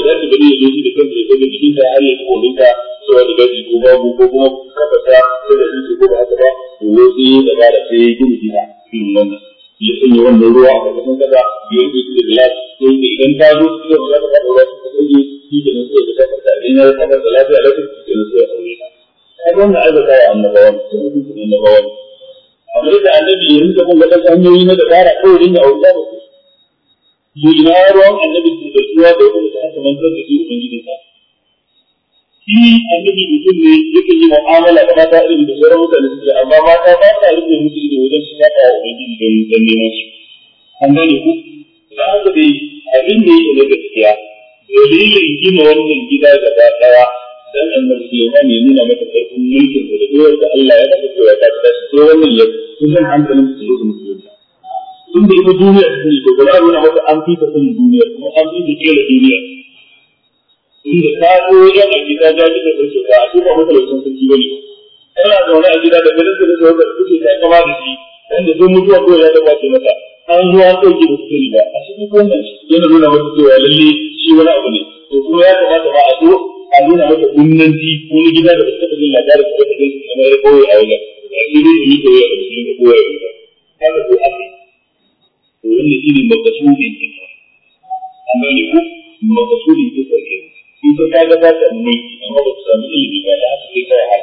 gaskiya wani ko bai dace bari ya zo shi da kansa ya ga jikin ta har ya ji kolin cewa da gaji ko babu ko kuma kafa ta ko da shi ko ba haka ba to wai sai ya da sai ya gina gina irin wannan ya sanya wannan ruwa a ƙarƙashin ƙasa ya yi da gilas sai da idan ta zo su da za ta faɗa ruwa su ta ɗauke shi da nan sai ya ta idan ya ta lafiya lafiya su ke nan sai ya aure ta. Ai wannan arzika ya annabawa, sun mutum annabawa. kamar da annabi ya rinka bin wadansu hanyoyi na dabara ko ya rinka auta da su to ina ruwan annabi da zuwa da wani da aka mantar da shi ubangijin sa shi annabi mutum ne yake yi mu'amala da mata irin da sauran mutane suke amma mata ba sa rufe musu da wajen su saba wa ubangiji don don neman su an gane ku da haka dai abin da yake na gaskiya dalilin gina wannan gida gaba daya dan annabi Sulaiman ya nuna mata karfin mulkin da duk wanda Allah ya tafi cewa ta tashi ko wannan ya kusan hankalin su zo Tun da ita duniya ta sani to ba za a nuna mata an fi ta sani duniya kuma an fi ta da duniya da ta zo ya ga gida ta kika ta ka ta a tuba mata lokacin sarki ba ne tana zaune a gida da ganin da ta wata suke ta kama da shi da sun mutuwa ko ya taba ce mata an zo a ɗauke da su ba a cikin wannan yana nuna mata cewa lalle shi wani abu ne to kuma ya kamata ba a zo a nuna masa kunnanci ko na gida da ba taɓa jin labarin ko ta jin su ya koyi a wajen a shi ne yi koyi a wajen da koyi a wajen ko aka yi to wannan shi ne makasudin kisa amma ne ko makasudin kisa ke in ka ka ga ta amma ba ta samu ilimi ba da aka kai hala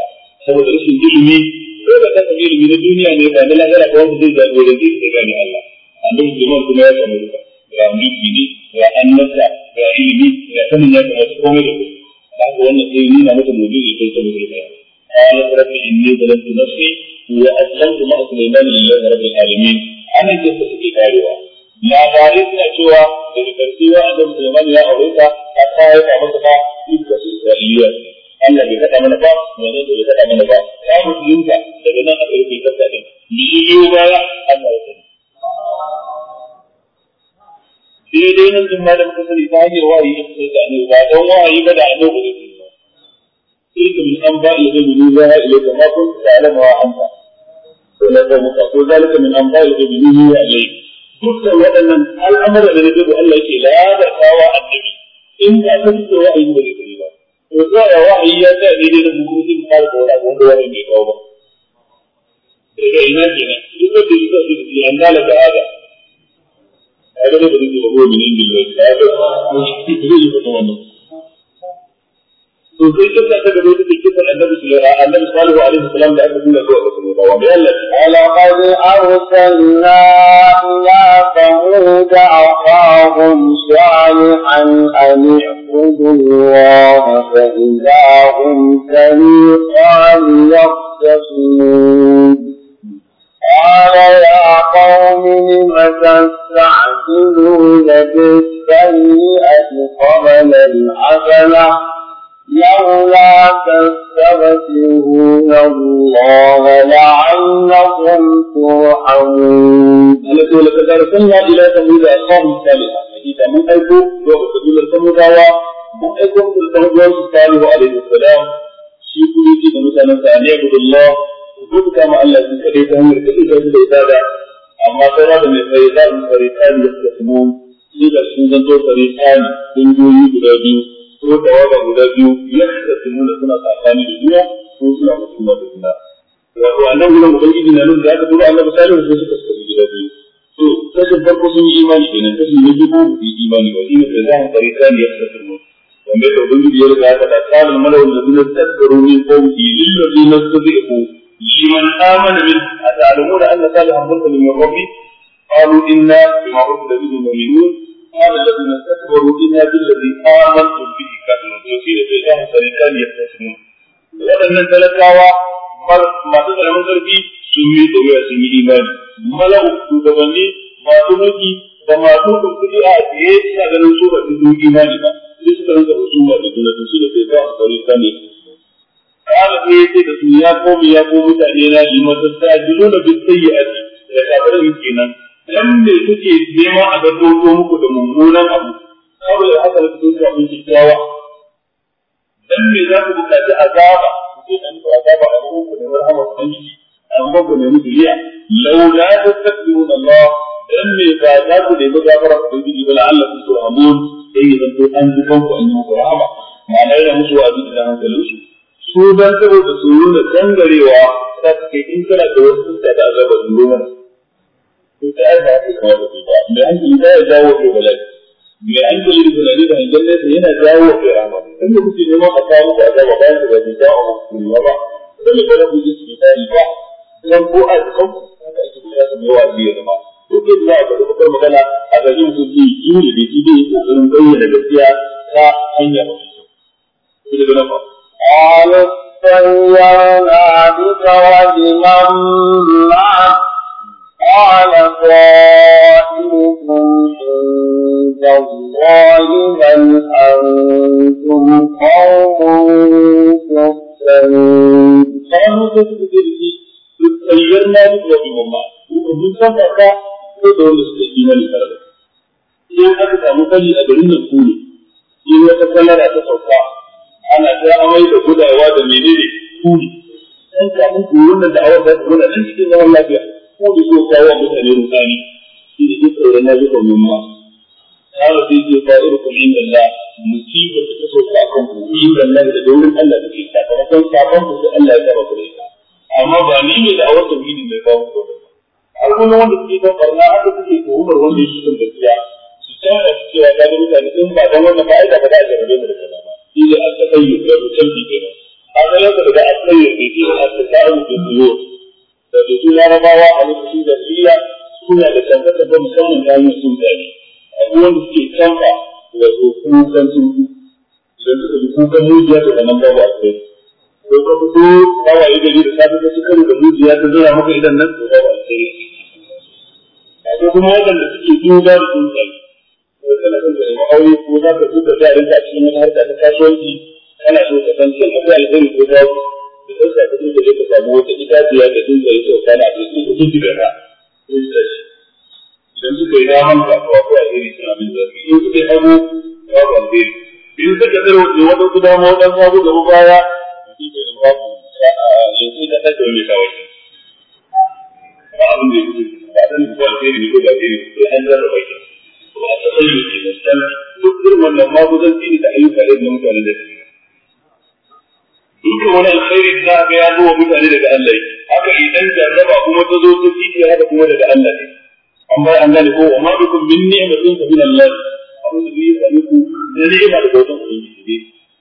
saboda rashin ilimi ko da ta samu ilimi na duniya ne ba na lahira ko wanda zai jagoranci ka gane Allah annabi Sulaiman kuma ya samu duka ga mulki ne ga annabta ga ilimi ga sanin ya kamata komai da kaga wannan sai nuna mata mu'jiza ta ta mu'jiza ta قالت رب إني ظلمت yi وأسلمت مع سليمان لله رب العالمين أنا كنت في كاريوة لا بارك نشوى إذا ترسيوى أن سليمان يا أوليكا أصائك عمتها إذا إسرائيلية Allah bai faɗa mana ba, ne bai faɗa mana ba. Ta musulunta daga nan aka yi kai kasa Ni yi baya Allah ya sai dai nan jin malam ka sani ta hanyar wahayi ya fitar da annabi ba don wa'ayi ba da annabi zai ba sai da min an ba ila da za a ila kama kun ta alama wa an ba to na ga muka ko zalika min an ba ila da ya alai dukkan waɗannan al'amura da nake da Allah yake labartawa annabi in ka san da wahayi ba zai fi ba to ya wahayi ya ta daidai da hukuncin fara da wani wanda wani mai kawo ba daga ina kenan duk da da shi an dalaka ada هذا ليس الذي هو من عند الله هذا ليس متمنى to sai kisa ta gaba take kisan annabi sallallahu annabi salihu alaihi salam da aka nuna zuwa ga sunan wa bi Allah ala qad arsalna ila thamud aqahum salihan an قال يا قوم لم تستعجلون بالسيئة قبل الحسنة لولا تستغفرون الله لعلكم ترحمون. التي لقد ارسلنا الى ثمود اخاهم صالحا حقيقه من ايكو لوقت سبيل الثموداوى من ايكو مثل ثمود صالح عليه السلام شيخ يجي بمثال ان يعبد الله kuka ma Allah shi kadai ta hanyar kadai da da ibada amma saura da mai farisan farisan da suka samu su da sun zanto farisan kungiyoyi guda biyu ko tawaga guda biyu ya suka samu da suna tsakani da juna ko suna hukuma da juna wato annan gudan ubangiji na nuna da aka tura annabi salihu sai suka samu gida biyu to kashin farko sun yi imani kenan kashin na biyu ko bi imani ba shi ne da zan farisan ya suka samu wanda da ubangiji ya riga ya faɗa kalin malawun da suna tattaro ne ko bi lillazina suka zai ko liman amana min ata'lamuna anna salihan mursalun min rabbi qalu inna bima ursila bihi mu'minun قال الذين استكبروا إنا بالذي آمنتم به كافرون وسيلة إله فريقان يختصمون وأن تلقاوا masu karamin sarki sun yi ɗauriya sun yi imani mala'u shugabanni masu mulki da masu kuɗi a tsaye suna ganin su ba su yi imani ba sai da sai قال هي كده يا قوم يا قوم تعالوا لما تستعجلون بالسيئات يا كافر يمكن لم تكي بما ادوتو مكو ده ممونا ابو قال يا حسن تقول يا ابن الجوا لم يذاك بك عذاب تقول ان عذاب الروح ده رحم الله ان بقى من دي لو لا تستغفرون الله لم يذاك ده بقى برك دي دي بلا الله تقول امون اي بنت انكم انكم رحمه ما لا يمسوا ابي الله تعالى su dan da tsoro da dangarewa ta suke in kana da wasu suka da azaba su zo mana ta ai ba ta kawo da ba me hankali da ya jawo da bala'i me hankali da tunani da hangen da yana jawo da rama in da kuke neman a kawo da azaba bayan da bai dawo da kuma ba sai da kuma kuke cikin tayi ba dan ko a kan da ake kira da yawa biye da ma to ke da ba da kuma magana a garin su ji yi da ji da kokarin bayyana gaskiya ta hanya mafi kyau. Ku da ganin ba. قالوا استيرنا بك وبمن معك قال قائلكم عند الله بل أنتم قوم تفتنون قالوا تفتنون استيرنا بك وبمن معك ومن سبق تدعو الاستئذان لتربك إذا أردت أن أقول أبرنا الكون إن وتكلم أتسوقها ana ta amai da gudawa da menene kuri dan kamun ku wannan da awar da ku na nan cikin zaman lafiya ko da so kawo mutane rudani shi ne duk tsoron na zuwa mun ma kawai sai ce fa'iru kun inda Allah musiba ta kaso ka kan ku inda Allah da daurin Allah da ke sakamakon sakon ku sai Allah ya saba ku ita amma ba ni ne da awar tauhidin da kawo ku al'umma wanda suke kan barna haka suke umar wanda yake kan gaskiya su tsaya da cewa da mutane in ba dan wannan fa'ida ba za a jarabe mu da الطيب لأنه تلبي بينه هذا a تبدأ الطيب بيديه التساؤل بالبيوت فبيتون رباوة على الحسود الهية كنا لتنفتة بمسمى لا يسمى ذلك أقول في كنفة وزوفوكا سنفو إذا تكون موجة تتمنى بابا الطيب ko ka fito bawa yi gari da safe ka cikar da mujiya ta zura maka idan nan to bawa alheri ko kuma waɗanda suke duba da tsuntsaye ko kana son ka nemi aure ko za ka duba jarinka a cikin wani harka ta kasuwanci kana so ka san shin akwai alheri ko babu da kansa ka dinga je ka samu wata itaciya da dinga yi sau kana da su kuɗi da ka idan suka yi daman ka ko akwai alheri suna bin zafi in suka yi hagu babu alheri in suka tsira wajen wajen su dama wajen hagu gaba baya shi ke nan babu yanzu da ɗaga wani kawai ba abin da ya fito ba a sani ko alheri ne ko ba alheri ne sai an zarra bai ba a tsaye ne ke nan duk irin wannan magudanci ne da ayyuka da mutane da su dukkan wani alkhairi da aka ya zo wa mutane daga Allah haka idan jarraba kuma ta zo ta ci haka kuma daga Allah ne amma an gane ko wa ma bikum min ni'matin fa min Allah abin da zai sami ku da ni'ima da bautan ubangiji ne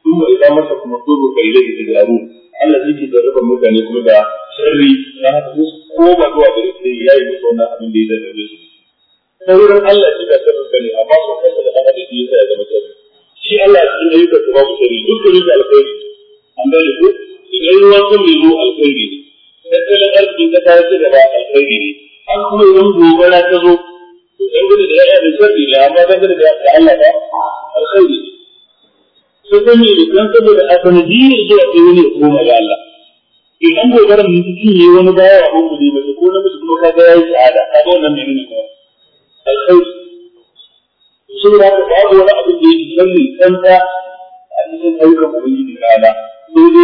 kuma idan masa kuma tsoro kai da ke jaru Allah zai ke jarraba mutane kuma da sharri na haka musu ko ba zuwa gare su ya yi musu wannan abin da ya jarrabe su ta wurin Allah shi da sharri gani amma so kansa da haka da shi ya zama sharri shi Allah shi ne yake kuma sharri dukkan alkhairi an gane ku idan ruwan sun mai zo alkhairi ne tattalin arzikin ta ta ci gaba alkhairi ne an kuma yin gobara ta zo to dan gudu da ya'ya da sharri ne amma dan gudu da Allah ba alkhairi ne sai dai ne dan saboda a sanadiyar zuwa wani ya koma ga Allah idan gobarar ne cikin ne wani baya a hukumi mace ko namiji kuma ka ga yayi sa'ada ka ga wannan ne ba? alkhairi sun da haka babu wani abin da kanta a cikin ayyukan ubangiji ta'ala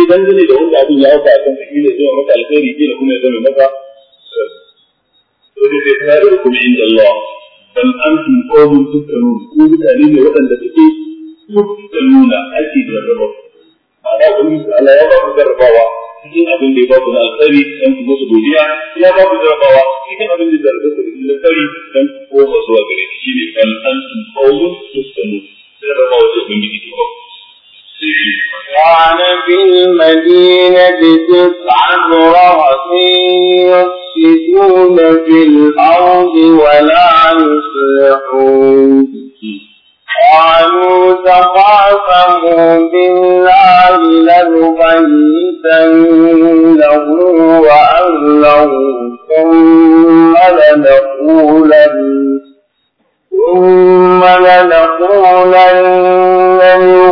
dangane da wanda abin ya auka a kan shi ne zai maka alkhairi kila kuma ya zama maka wani eh, zai tare da kuma inda Allah bal antum qawmun tuftanun ku mutane ne waɗanda suke tuftanuna ake jarraba ma'ana ubangiji Allah ya ba ku jarrabawa cikin abin da ya ba ku na alkhairi dan ku musu godiya ya ba ku jarrabawa cikin abin da ya jarraba ku da alkhairi dan ku koma zuwa gare shi ne an bal antum qawmun tuftanun jarrabawa ce ubangiji ke ba ku وعن في المدينة تسعة رأس يفسدون في الأرض ولا يصلحون قالوا تقاسموا بالله لنبيتنه وأهله ثم لنقولن ثم لنقولن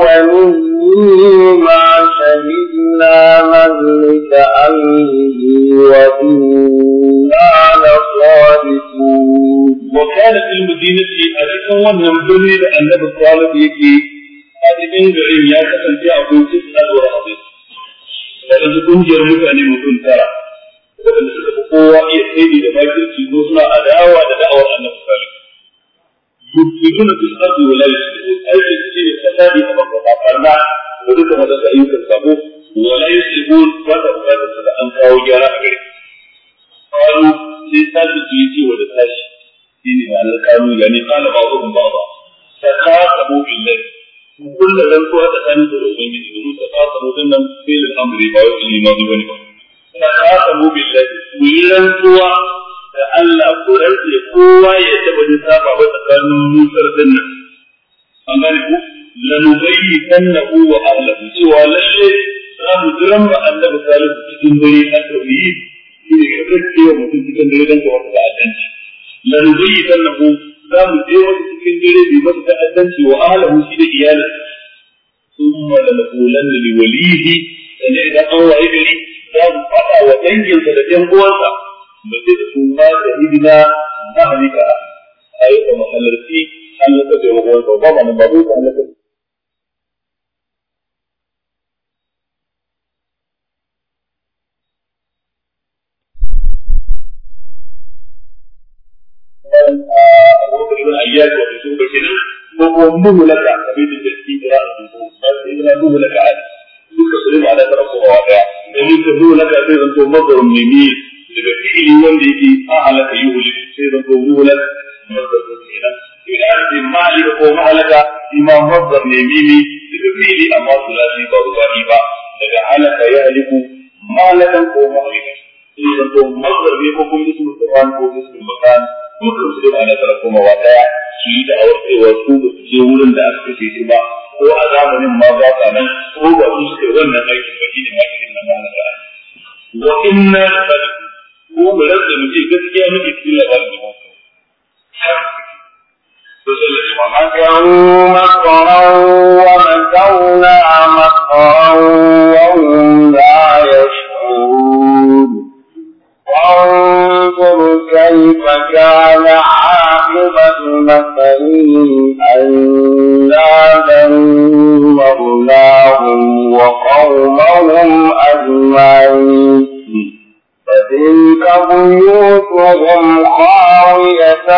ما شهدنا مهلك أمره وإنا لصادقون وكان في المدينة أتكون من دنيا أن الطالب يكي أتكون بعين يا كسنتي أبو تسعة ورحمة waɗansu ƙungiyar mutane mutum tara waɗanda suka fi kowa iya tsaye da bakirci ko suna adawa da da'awar annabi sallallahu yufsiduna fil ardi wa la yuslihun aikin shi a da dukkan waɗansu ayyukan sabo wala yuslihun ba ta bukatar da an kawo gyara a gari. qalu sai sashi su yi cewa da tashi. ya sashi shine ma'anar qalu ba ba. ba'dhum ba'dha takasabu billahi kullu rantsuwa tsakanin da ubangiji domin takasabu din nan sai lil amri ba wai limani bane ba takasabu billahi ku yi rantsuwa da Allah ko rantsuwa kowa ya taɓa jin saba ba tsakanin mutar din nan an gane ku لنبيتنه وأهله سوى لشيء سام درم أنه ثالث تجنبري أكرمي إذا كفرت يوم تجنبري لن تورد أدنش لنبيتنه سام درم تجنبري بمسك أدنش وأهله سيد إياله ثم لنقولن لوليه أن إذا أوعي إليه سام فتا ودنجل فلتين قوانسا بسيطة ما تهيدنا مهلكا أيضا محلتي أن لك جوابا وضعنا مبروك أن لك ومنه مهلكة كبير الجسدي قراءة الجمهور فإذا لك عاد ذكر سليم على ترك مواقع إذا كان مهلك أيضا هو مصدر منيس إذا فعلي وندي أهلك يهلك أيضا هو لك مصدر منيس إذا أنت مالك هو مهلك إما مصدر نميمي إذا فعلي أما ثلاثي برواني با إذا هلك يهلك مالكا هو مهلك إذا هو مصدر بيكم اسم القرآن هو المكان dukkan su ma na tara ba ɗaya su yi da'awar cewa su ba su je wurin da aka kashe ba ko a zamanin ma ba sa nan ko ba su suka yi wannan aikin ba shi ne ma shi na ma'ana da wa inna la sadiqu ko mu da mu ce gaskiya muke cikin labarin da mutum ومكروا مكرا ومكرنا مكرا وهم لا يشعرون انظر كيف كان عاقبة أن أنا دمرناهم وقومهم أجمعين فتلك بيوتهم خاوية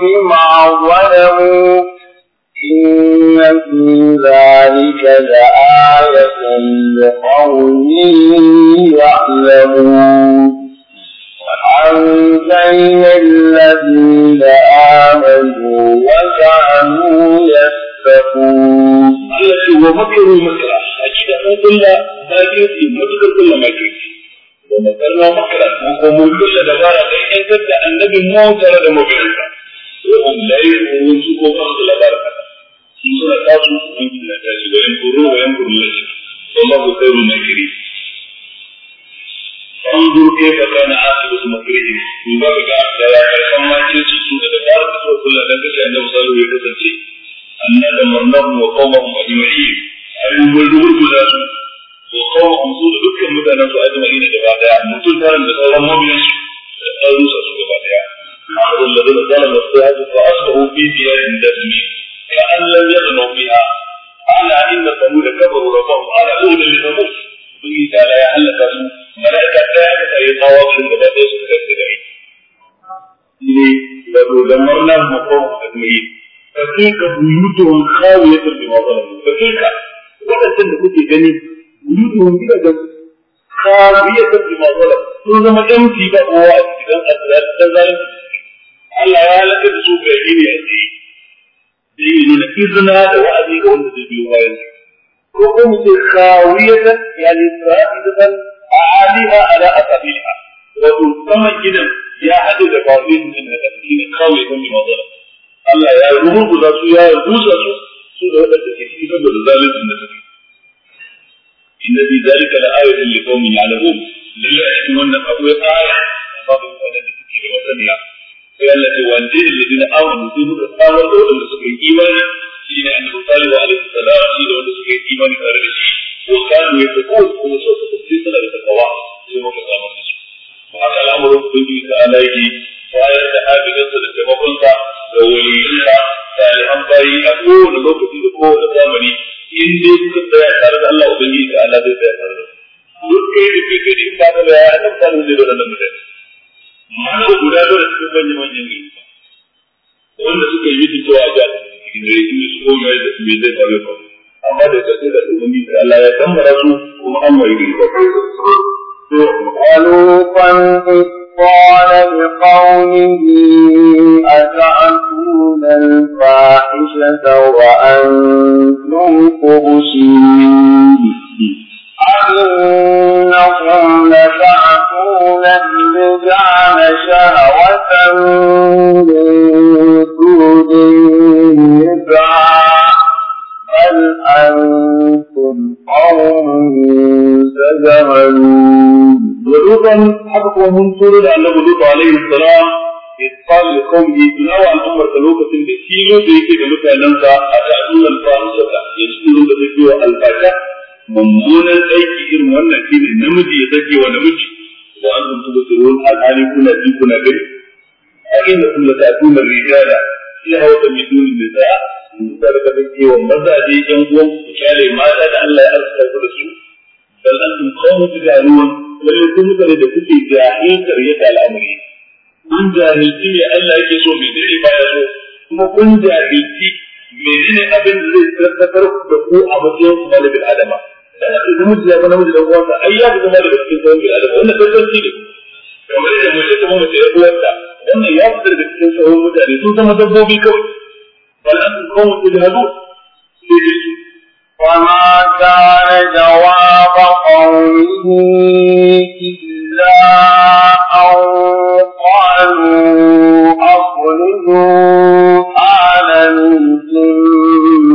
بما ظلموا إن في ذلك لآية لقوم يعلمون وأنجينا الذين آمنوا وكانوا يتقون التي ومكروا مكرا أكيد أن كل ما كيسي مكر كل ما كيسي ومكرنا مكرا وقوموا كل دبارة إن كنت النبي موتى لدى مبينك وهم لا يؤمنون سوء أخذ لبارة سنة تاسو من كلا تاسو وينكروا وينكروا الله والله خير الماكرين انظر كيف كان عاقبة مكرهم من باب بقى لا يحسن ما يجلس سوء الدار كل ذلك أن وصلوا يكتنتي أن دمرناهم وقومهم أجمعين أي مولدون كلهم وقومهم سوء دكا مدانا أجمعين جبادة مطل تارم ما مبيش أرسل سوء جبادة أخذ الذين ظلموا الصيحة فأصبحوا في ديار جاثمين كأن لم يغنوا بها على إن ثمود كبروا ربهم على أهل لثمود قيل لا يحل لكم ملائكة ثالثة أي قواس البدوس كالتبعين لو دمرنا المقام التدمير فكيف بيوتهم خاوية بما ظلموا فكيف ولا سنة كنت جنين بيوتهم بلا جنب خاوية بما ظلموا ثم ما كان في بقوة إذا أدرت تزال ألا يالك بسوء بأجيني أدري لأنه نكيزنا وأدري كنت في يزيد وأمطر خاوية يعني فائدة أعاليها على أسابيلها كما جدا يا حد دفاعين من الأسابيل خاوية من مظلة الله يا رموك رسو يا رموك رسو سورة التكتيك من النسبي إن في ذلك لآية لقوم يعلمون لله يكون أقوى آية فاضل فاضل التكتيك وسنيا فيالتي وانجيل الذين آمنوا دون الآمر دون السبيل إيمانا shi annabi salihu alaihi salam shi da wanda suka yi imani tare da shi wa kanu yattaqun kuma su suka fi suna da takawa sai muka samu su haka al'amuran ubangiji ta ala yake bayar da agajinsa da taimakonsa da waliyinsa da alhan bayi a kowane lokaci da kowane zamani in dai suka tsaya tare da Allah ubangiji ta Allah zai tsaya tare da su duk kai da kai da in ka ga ya nan kan ne da mutane me zai faru amma da kace da ubangiji Allah ya su kuma an yadda yake da mutanensa a ta'adun alfahishata ya cikin da zai wa alfasha mummunan aiki irin wannan shine namiji ya zage wa namiji wa an tuntu da tsoron alhali kuna ji kuna gari. a inda kun da ta'adun rijala ya hawa da mai dunin da tsaya in da daga zage wa mazaje yan uwan ku kyale mata da Allah ya arzuta ku da su bal antum qawmun tajhalun lalle kun mutane da kuke jahilkar yadda al'amari kun jahilci ne Allah yake so bai dare baya so kuma kun jahilci menene abin da zai tabbatar da ku a matsayin ku na bil adama dan a cikin mutum ya ga namiji da uwansa ai ya ga zama da cikin sauran bil adama wannan tabbaci ne kamar yadda mace ta mace ya uwarta wannan ya fitar da cikin sauran mutane sun zama dabbobi kawai bal an kawo su da hadu sai da su وما كان جواب قومه إلا أن قالوا أخرجوا آل من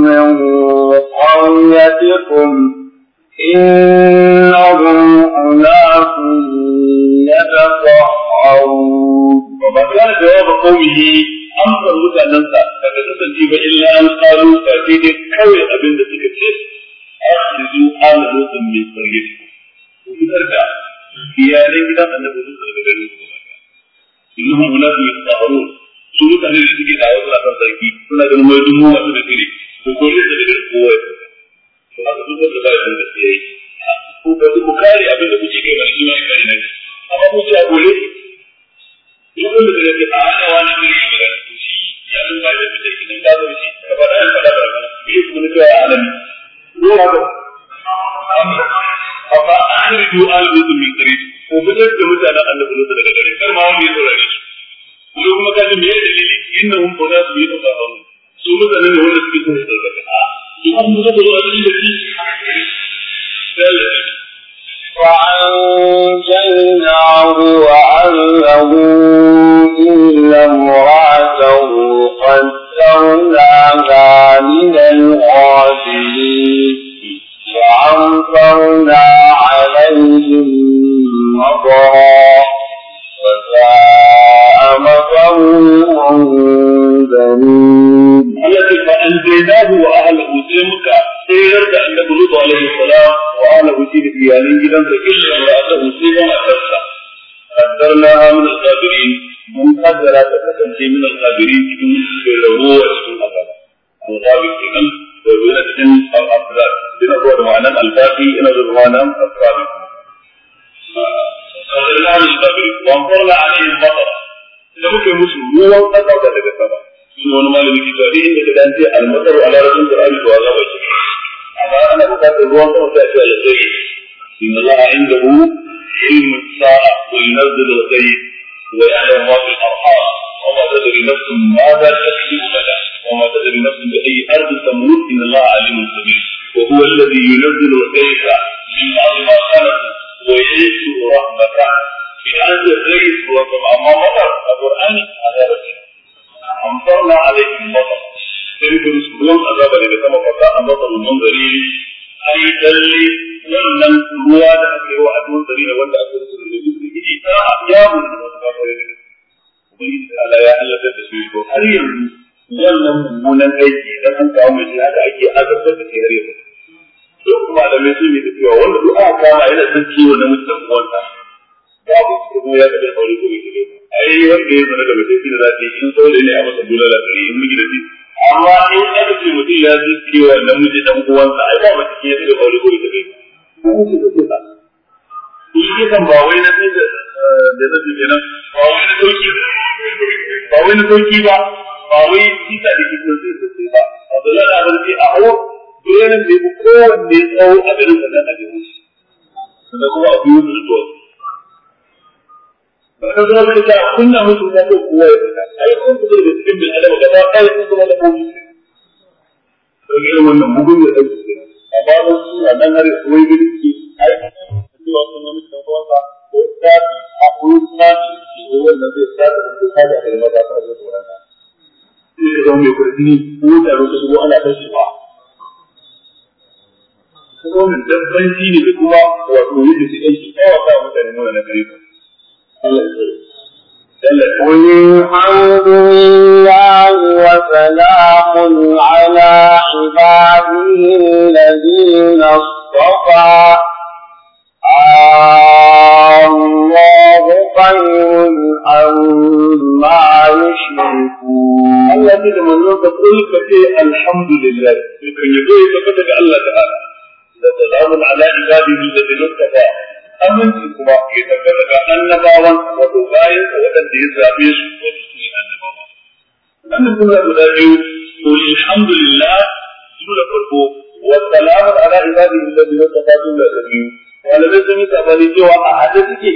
وسلم على الغيب إن الله عنده علم الساعة وينزل الغيب ويعلم ما في الأرحام وما تدري نفس ماذا تكسب غدا وما تدري نفس بأي أرض تموت إن الله عليم خبير وهو الذي ينزل الغيث من بعد ما خلق وينشر رحمته بهذا الغيث ما مطر القرآن هذا رجل أمطرنا عليهم مطر sai da su ruwan azaba daga sama fata a matsarin ai dalle wannan ruwa da aka yi wa adon sari da wanda aka rusa da zai da gidi ta jabu da wasu kafare da ubangiji da Allah ya halatta da su to har yanzu wannan mummunan aiki idan an kawo mai haka ake azabtar da shi har yanzu duk malamai sun yi da cewa wanda duk aka kama yana son ciwo na mutum wanda babu kuma ya taɓa aure ko bai taɓa ai wanda ya zana da mutum shi da za yi in saurayi ne a masa bulala ɗari in miji da shi amma in an ce mutum ya ji cewa namiji dan uwansa ai ba mace da aure ko ita kai shi kan ba wai na sai da eh, da zai nan ba wai na sauki ba wai na sauki ba ba wai shi da kike zai sosai ba Abdullahi da Abarci a hawo dole ne ko ne tsawo a garin da na ga kuma a biyu kan zama mai ta kunna musu na ko kowa ya fita ai kun fito da cikin bil adama gaba ɗaya kun zama da bobi to wannan bugun da ɗauki ne a babu suna nan har wai gidi ke ai cewa kun yi mutum ko wasa ko tsafi a kuma tsafi ke yi wannan zai tsafi da ko kada da maza ta zo tsoron sai ka zama mai kurjini ko ba kuma kawata ba قل الحمد لله وسلام على عباده الذين اصطفى الله خير ما يشركون الله الذي من تقول كثير الحمد لله لكن يدعي فقدك الله تعالى وسلام على عباده الذين اصطفى aminci kuma ya tabbata ga annabawan wato bayan sa waɗanda ya zabe su wato su ne annabawa wannan kuma guda biyu to alhamdulillah jumla farko wa salamu ala ibadihi alladhina tafatu la tabiyu malamai sun yi sabani cewa a hada suke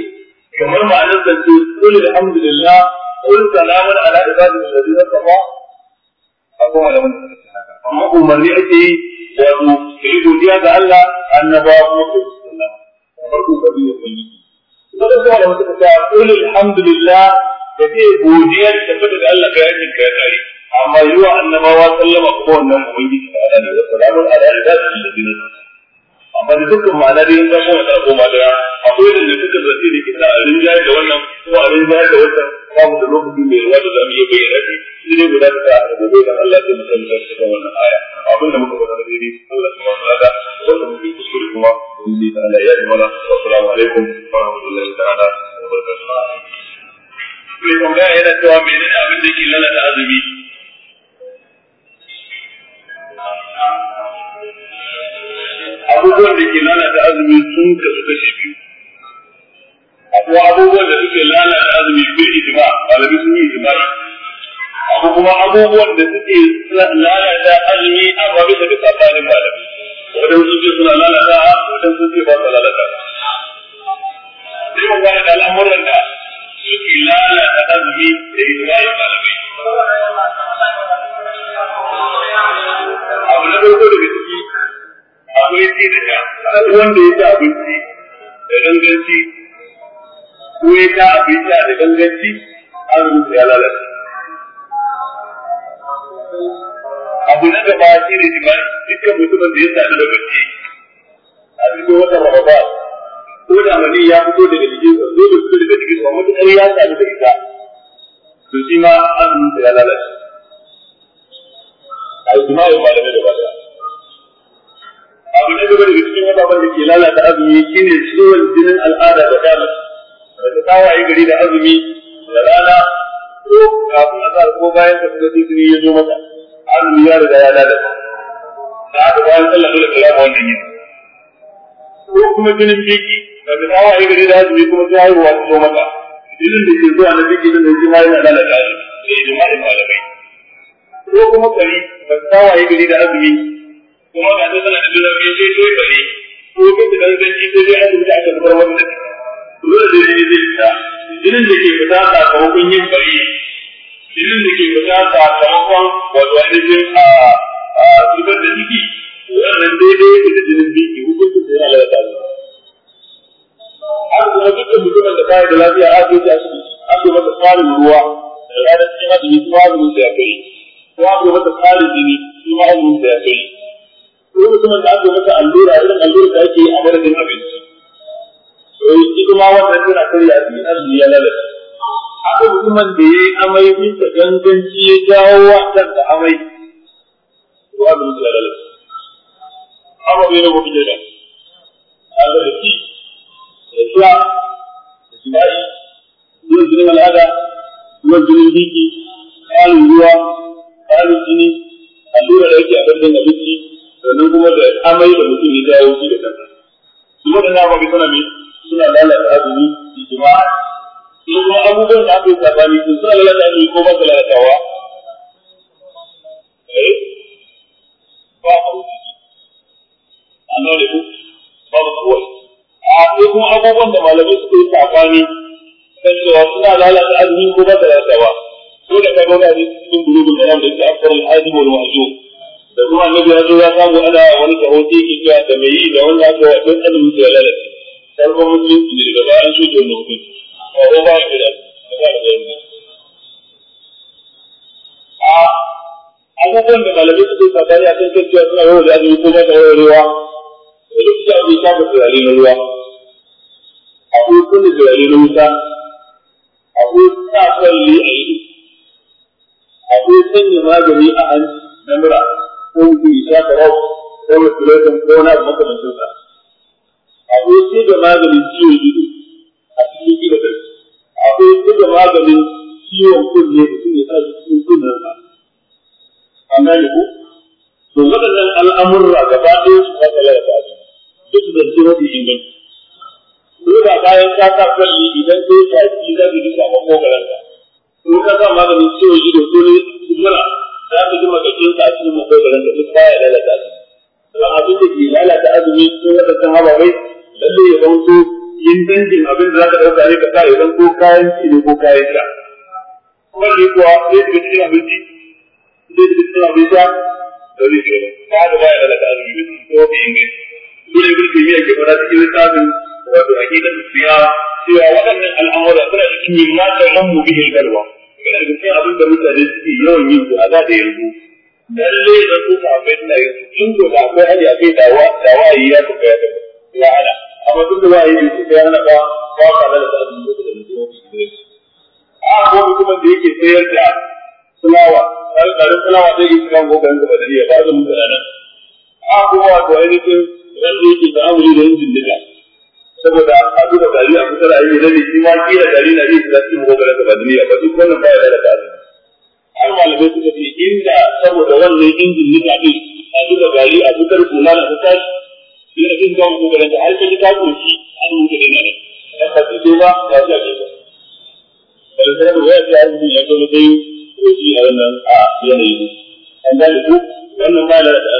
kamar ma'anar da ce kul alhamdulillah kul salamun ala ibadihi alladhina tafatu akwai malamin da suke haka amma umarni ake yi wato kai godiya ga Allah annabawa kuma farko gari ya kun yi sai da wani mutum ta qul alhamdulillah da ke godiya da tabbata da Allah kai yakin kai tsari amma yuwa annabawa sallama ko wannan ubangiji ta Allah ne salamun ala amma da dukkan ma'ana da yanzu kuma ta koma da akwai da suka zace da kina a rinjaye da wannan ko a rinjaye da wannan ba da lokaci mai ruwa da zamu iya bayyana shi shi ne guda ta a gobe da Allah ta mutum da ta wannan aya abin da muka faɗa da dai Allah kuma ta da wanda muke kuskure kuma in dai ta Allah ya yi mana assalamu alaikum wa rahmatullahi ta'ala wa barakatuh mai tambaya yana cewa menene abin da ke lalata azumi abubuwan da ke lalata azumi sun kasu kashi biyu akwai abubuwan da suke lalata azumi bil ijma malami sun yi ijma'i akwai kuma abubuwan da suke lalata azumi amma bisa da sabanin malami wadan sun ce suna lalata wadan sun ce ba su lalata irin wani da al'amuran da suke lalata azumi da ijma'in malami abu na farko daga ciki akwai ci da sha wanda ya ci abinci da ganganci ko ya ci abinci da ganganci ya lalace abu na gaba shi ne jima'i dukkan mutumin da ya a cikin rababa ko da mani ya fito daga jikin sa da fito daga jikin sa ya da ita to ma ya lalace a jima'i ba da abu na gaba daga cikin ababen da ke lalata azumi shine ciwon jinin al'ada da dama, daga yi gari da azumi da rana ko kafin a ko bayan da kuma jini ya zo mata azumi ya riga ya lalata da aka bayan sallah dole ka rama wannan yin ko kuma jinin biki daga yi gari da azumi kuma sai haihuwa ta zo mata jinin da ke zuwa na biki da jini ma yana lalata azumi da ijma'in malamai ko kuma kari da yi gari da azumi kuma ga ta tana da juna biyu sai ba ne ko bisa dan zanci sai dai an rubuta aka zubar wanda dole da zai zai ta jinin da ke fita sakamakon yin bari jinin da ke fita ta sakamakon wato ainihin a zubar da ciki wannan daidai yake da jinin biki ko da yana lalata ne an kuma dukkan mutumin da kayan da lafiya a ta shi an zo masa tsarin ruwa da cikin da ya kai ko masa tsarin jini da ya ko mutumin da aka masa allura irin allura da ake a madadin abinci to ita ma wannan tana karya azumi azumi ya lalace haka mutumin da ya yi amai bisa ganganci ya jawo wa da amai to azumi ya lalace amma bai rabu kuje da a da shi da sha da jima'i yin jinin al'ada yin jinin biki ƙarin ruwa ƙarin jini allura da yake a gandun abinci sannan kuma da amai da mutum ya jawo shi da kansa su waɗanda ba suna mai suna lalata azumi da jima'a su kuma abubuwan da aka yi sabani sun suna lalata azumi ko ba su lalatawa eh? ba a wuce an gane ku ba ba kuwa. a ko kuma abubuwan da malamai suka yi sabani kan cewa suna lalata azumi ko ba su lalatawa ko da kaga wani cikin gurbin da yamma da ke akwai al'adu wal ma'jur da kuma annabi ya zo ya samu ana wani kaho sai ke cewa da mai yi da wanda aka wa duk azumin da lalace sarfa musulunci ne daga bayan su ke nufi a ko ba shi da ba da yanzu a abubuwan da malamai suke sabari a kan cewa suna yau da azumi ko ba ta yau ruwa da duk da abin shafa turare na ruwa akwai kunna turare na wuta akwai sa kwalli a ido akwai sanya magani a hanci na mura ko bi sha da rawu ko musulatan ko na makamancin sa akwai shi da maganin ciwon ido a cikin ido kai akwai shi da maganin ciwon kunne da kuma sa cikin kunnen sa amma ne ko to waɗannan al'amurra gaba ɗaya su haka lalata abin duk da jiro da inganci ko da bayan ka sa kwalli idan kai ta ci za ka ji sakamakon garanta ko ka sa maganin ciwon ido ko ne mura za ka ji makakin ka a cikin makogarin da duk baya lalata azumi don abin da ke lalata azumi cikin waɗannan ababai lalle ya zanto yin dangin abin da za ka ɗauka ne ka sa ya zanto kayan ci ne ko kayan sha wanda kuwa zai shiga cikin abinci zai shiga cikin abinci, sha da zai shiga ba da baya lalata azumi ko bi inganci dole ibn ya ke fara cikin littafin wato hakikatu siya cewa waɗannan al'amura suna cikin yin mimma ta lamu bihi galwa yana da cikin abin da mutane suke yawan yin ko a da da yanzu lalle da su akwai suna yin su in ko da akwai hali akwai dawa dawa yi ya tuka ya tuka ya ana amma duk da wa'ayi su sai ana ba ba ka da ta abin da da zuwa cikin a ko mutumin da yake sayar da fulawa sai da fulawa da yake kan gogan da badariya ba da mutane a kuma to ainihin wanda yake ta'amuli da injin da saboda a zuba gari a da a yi dare shi ma kila gari na yin zafi mu gobara ba, duniya ba duk wannan ba ya da ka har malamai suka ce inda saboda wannan injin ne din a zuba gari a fitar kuma na fitar shi ne jin gawo gobara da har kaji ka koshi an mutu da nan da ka ci dai ba ya ji a gefe bari sai da waya ta yi ya zama dai koshi a wannan a yanayi an da ku wannan ba da ka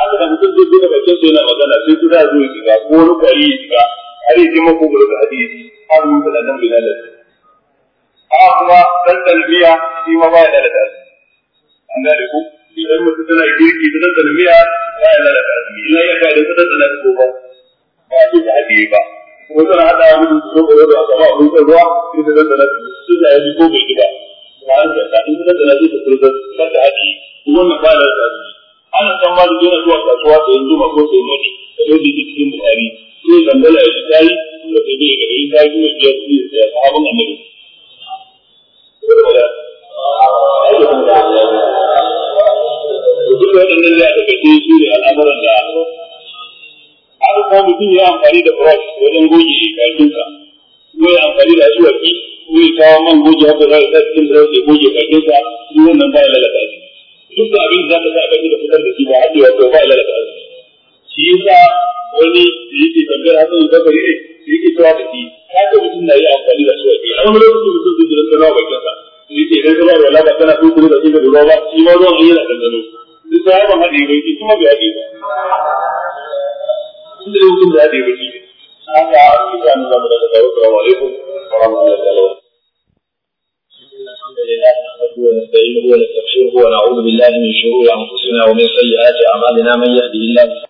haka da mutum zai da bakin sai na magana sai kuma zai shiga ko wani kwari ya shiga har yi jima ko gudu da hadisi har nuna da nan bi lalata a kuma dan talbiya shi ma ba ya lalata an da ku idan mutum tana girki da dan talbiya ba ya lalata ina ya ga da dan talbiya ko ba ba shi da hadisi ba Kuma suna hada mu da so gobe da sama ko da ruwa shi da dan talbiya su da yi ko bai ba ba da ta in da dan talbiya ko da ta hadisi wannan ba da hadisi ana san ba da zuwa kasuwa sai yanzu ba ko sai mutu da yau da cikin bukari sai zangala ya tsari da ta bai ga yin kaji mai biyar su ne da sahabin annabi duk waɗannan da daga cikin su ne al'amuran da aka kuma mutum ya amfani da brush wajen goge bakinsa kuma ya amfani da asuwaki ko ya kawo man goge haka za ka cikin da ya goge bakinsa duk wannan ba ya lalata duk abin da za ka sa a da fitar da shi ba haɗewa ko ba ya lalata shi yasa wani da yake tambayar hasan da bakari ne da yake cewa da shi ka ga mutum na yi amfani da shi wajen an wani lokacin mutum zai jiran sana'a bakin sa da yake idan sana'a wala ba tana so kuma da shi da ruwa ba shi ma ruwan yana dangano duk sa ya ban haɗe ba shi kuma bai haɗe ba tun da mutum da haɗe ba shi ne haka shi ta nuna mu daga tsaro salamu alaikum wa rahmatullahi wa barakatuh الحمد لله نحمده ونستعينه ونستغفره ونعوذ بالله من شرور انفسنا ومن سيئات اعمالنا من يهده الله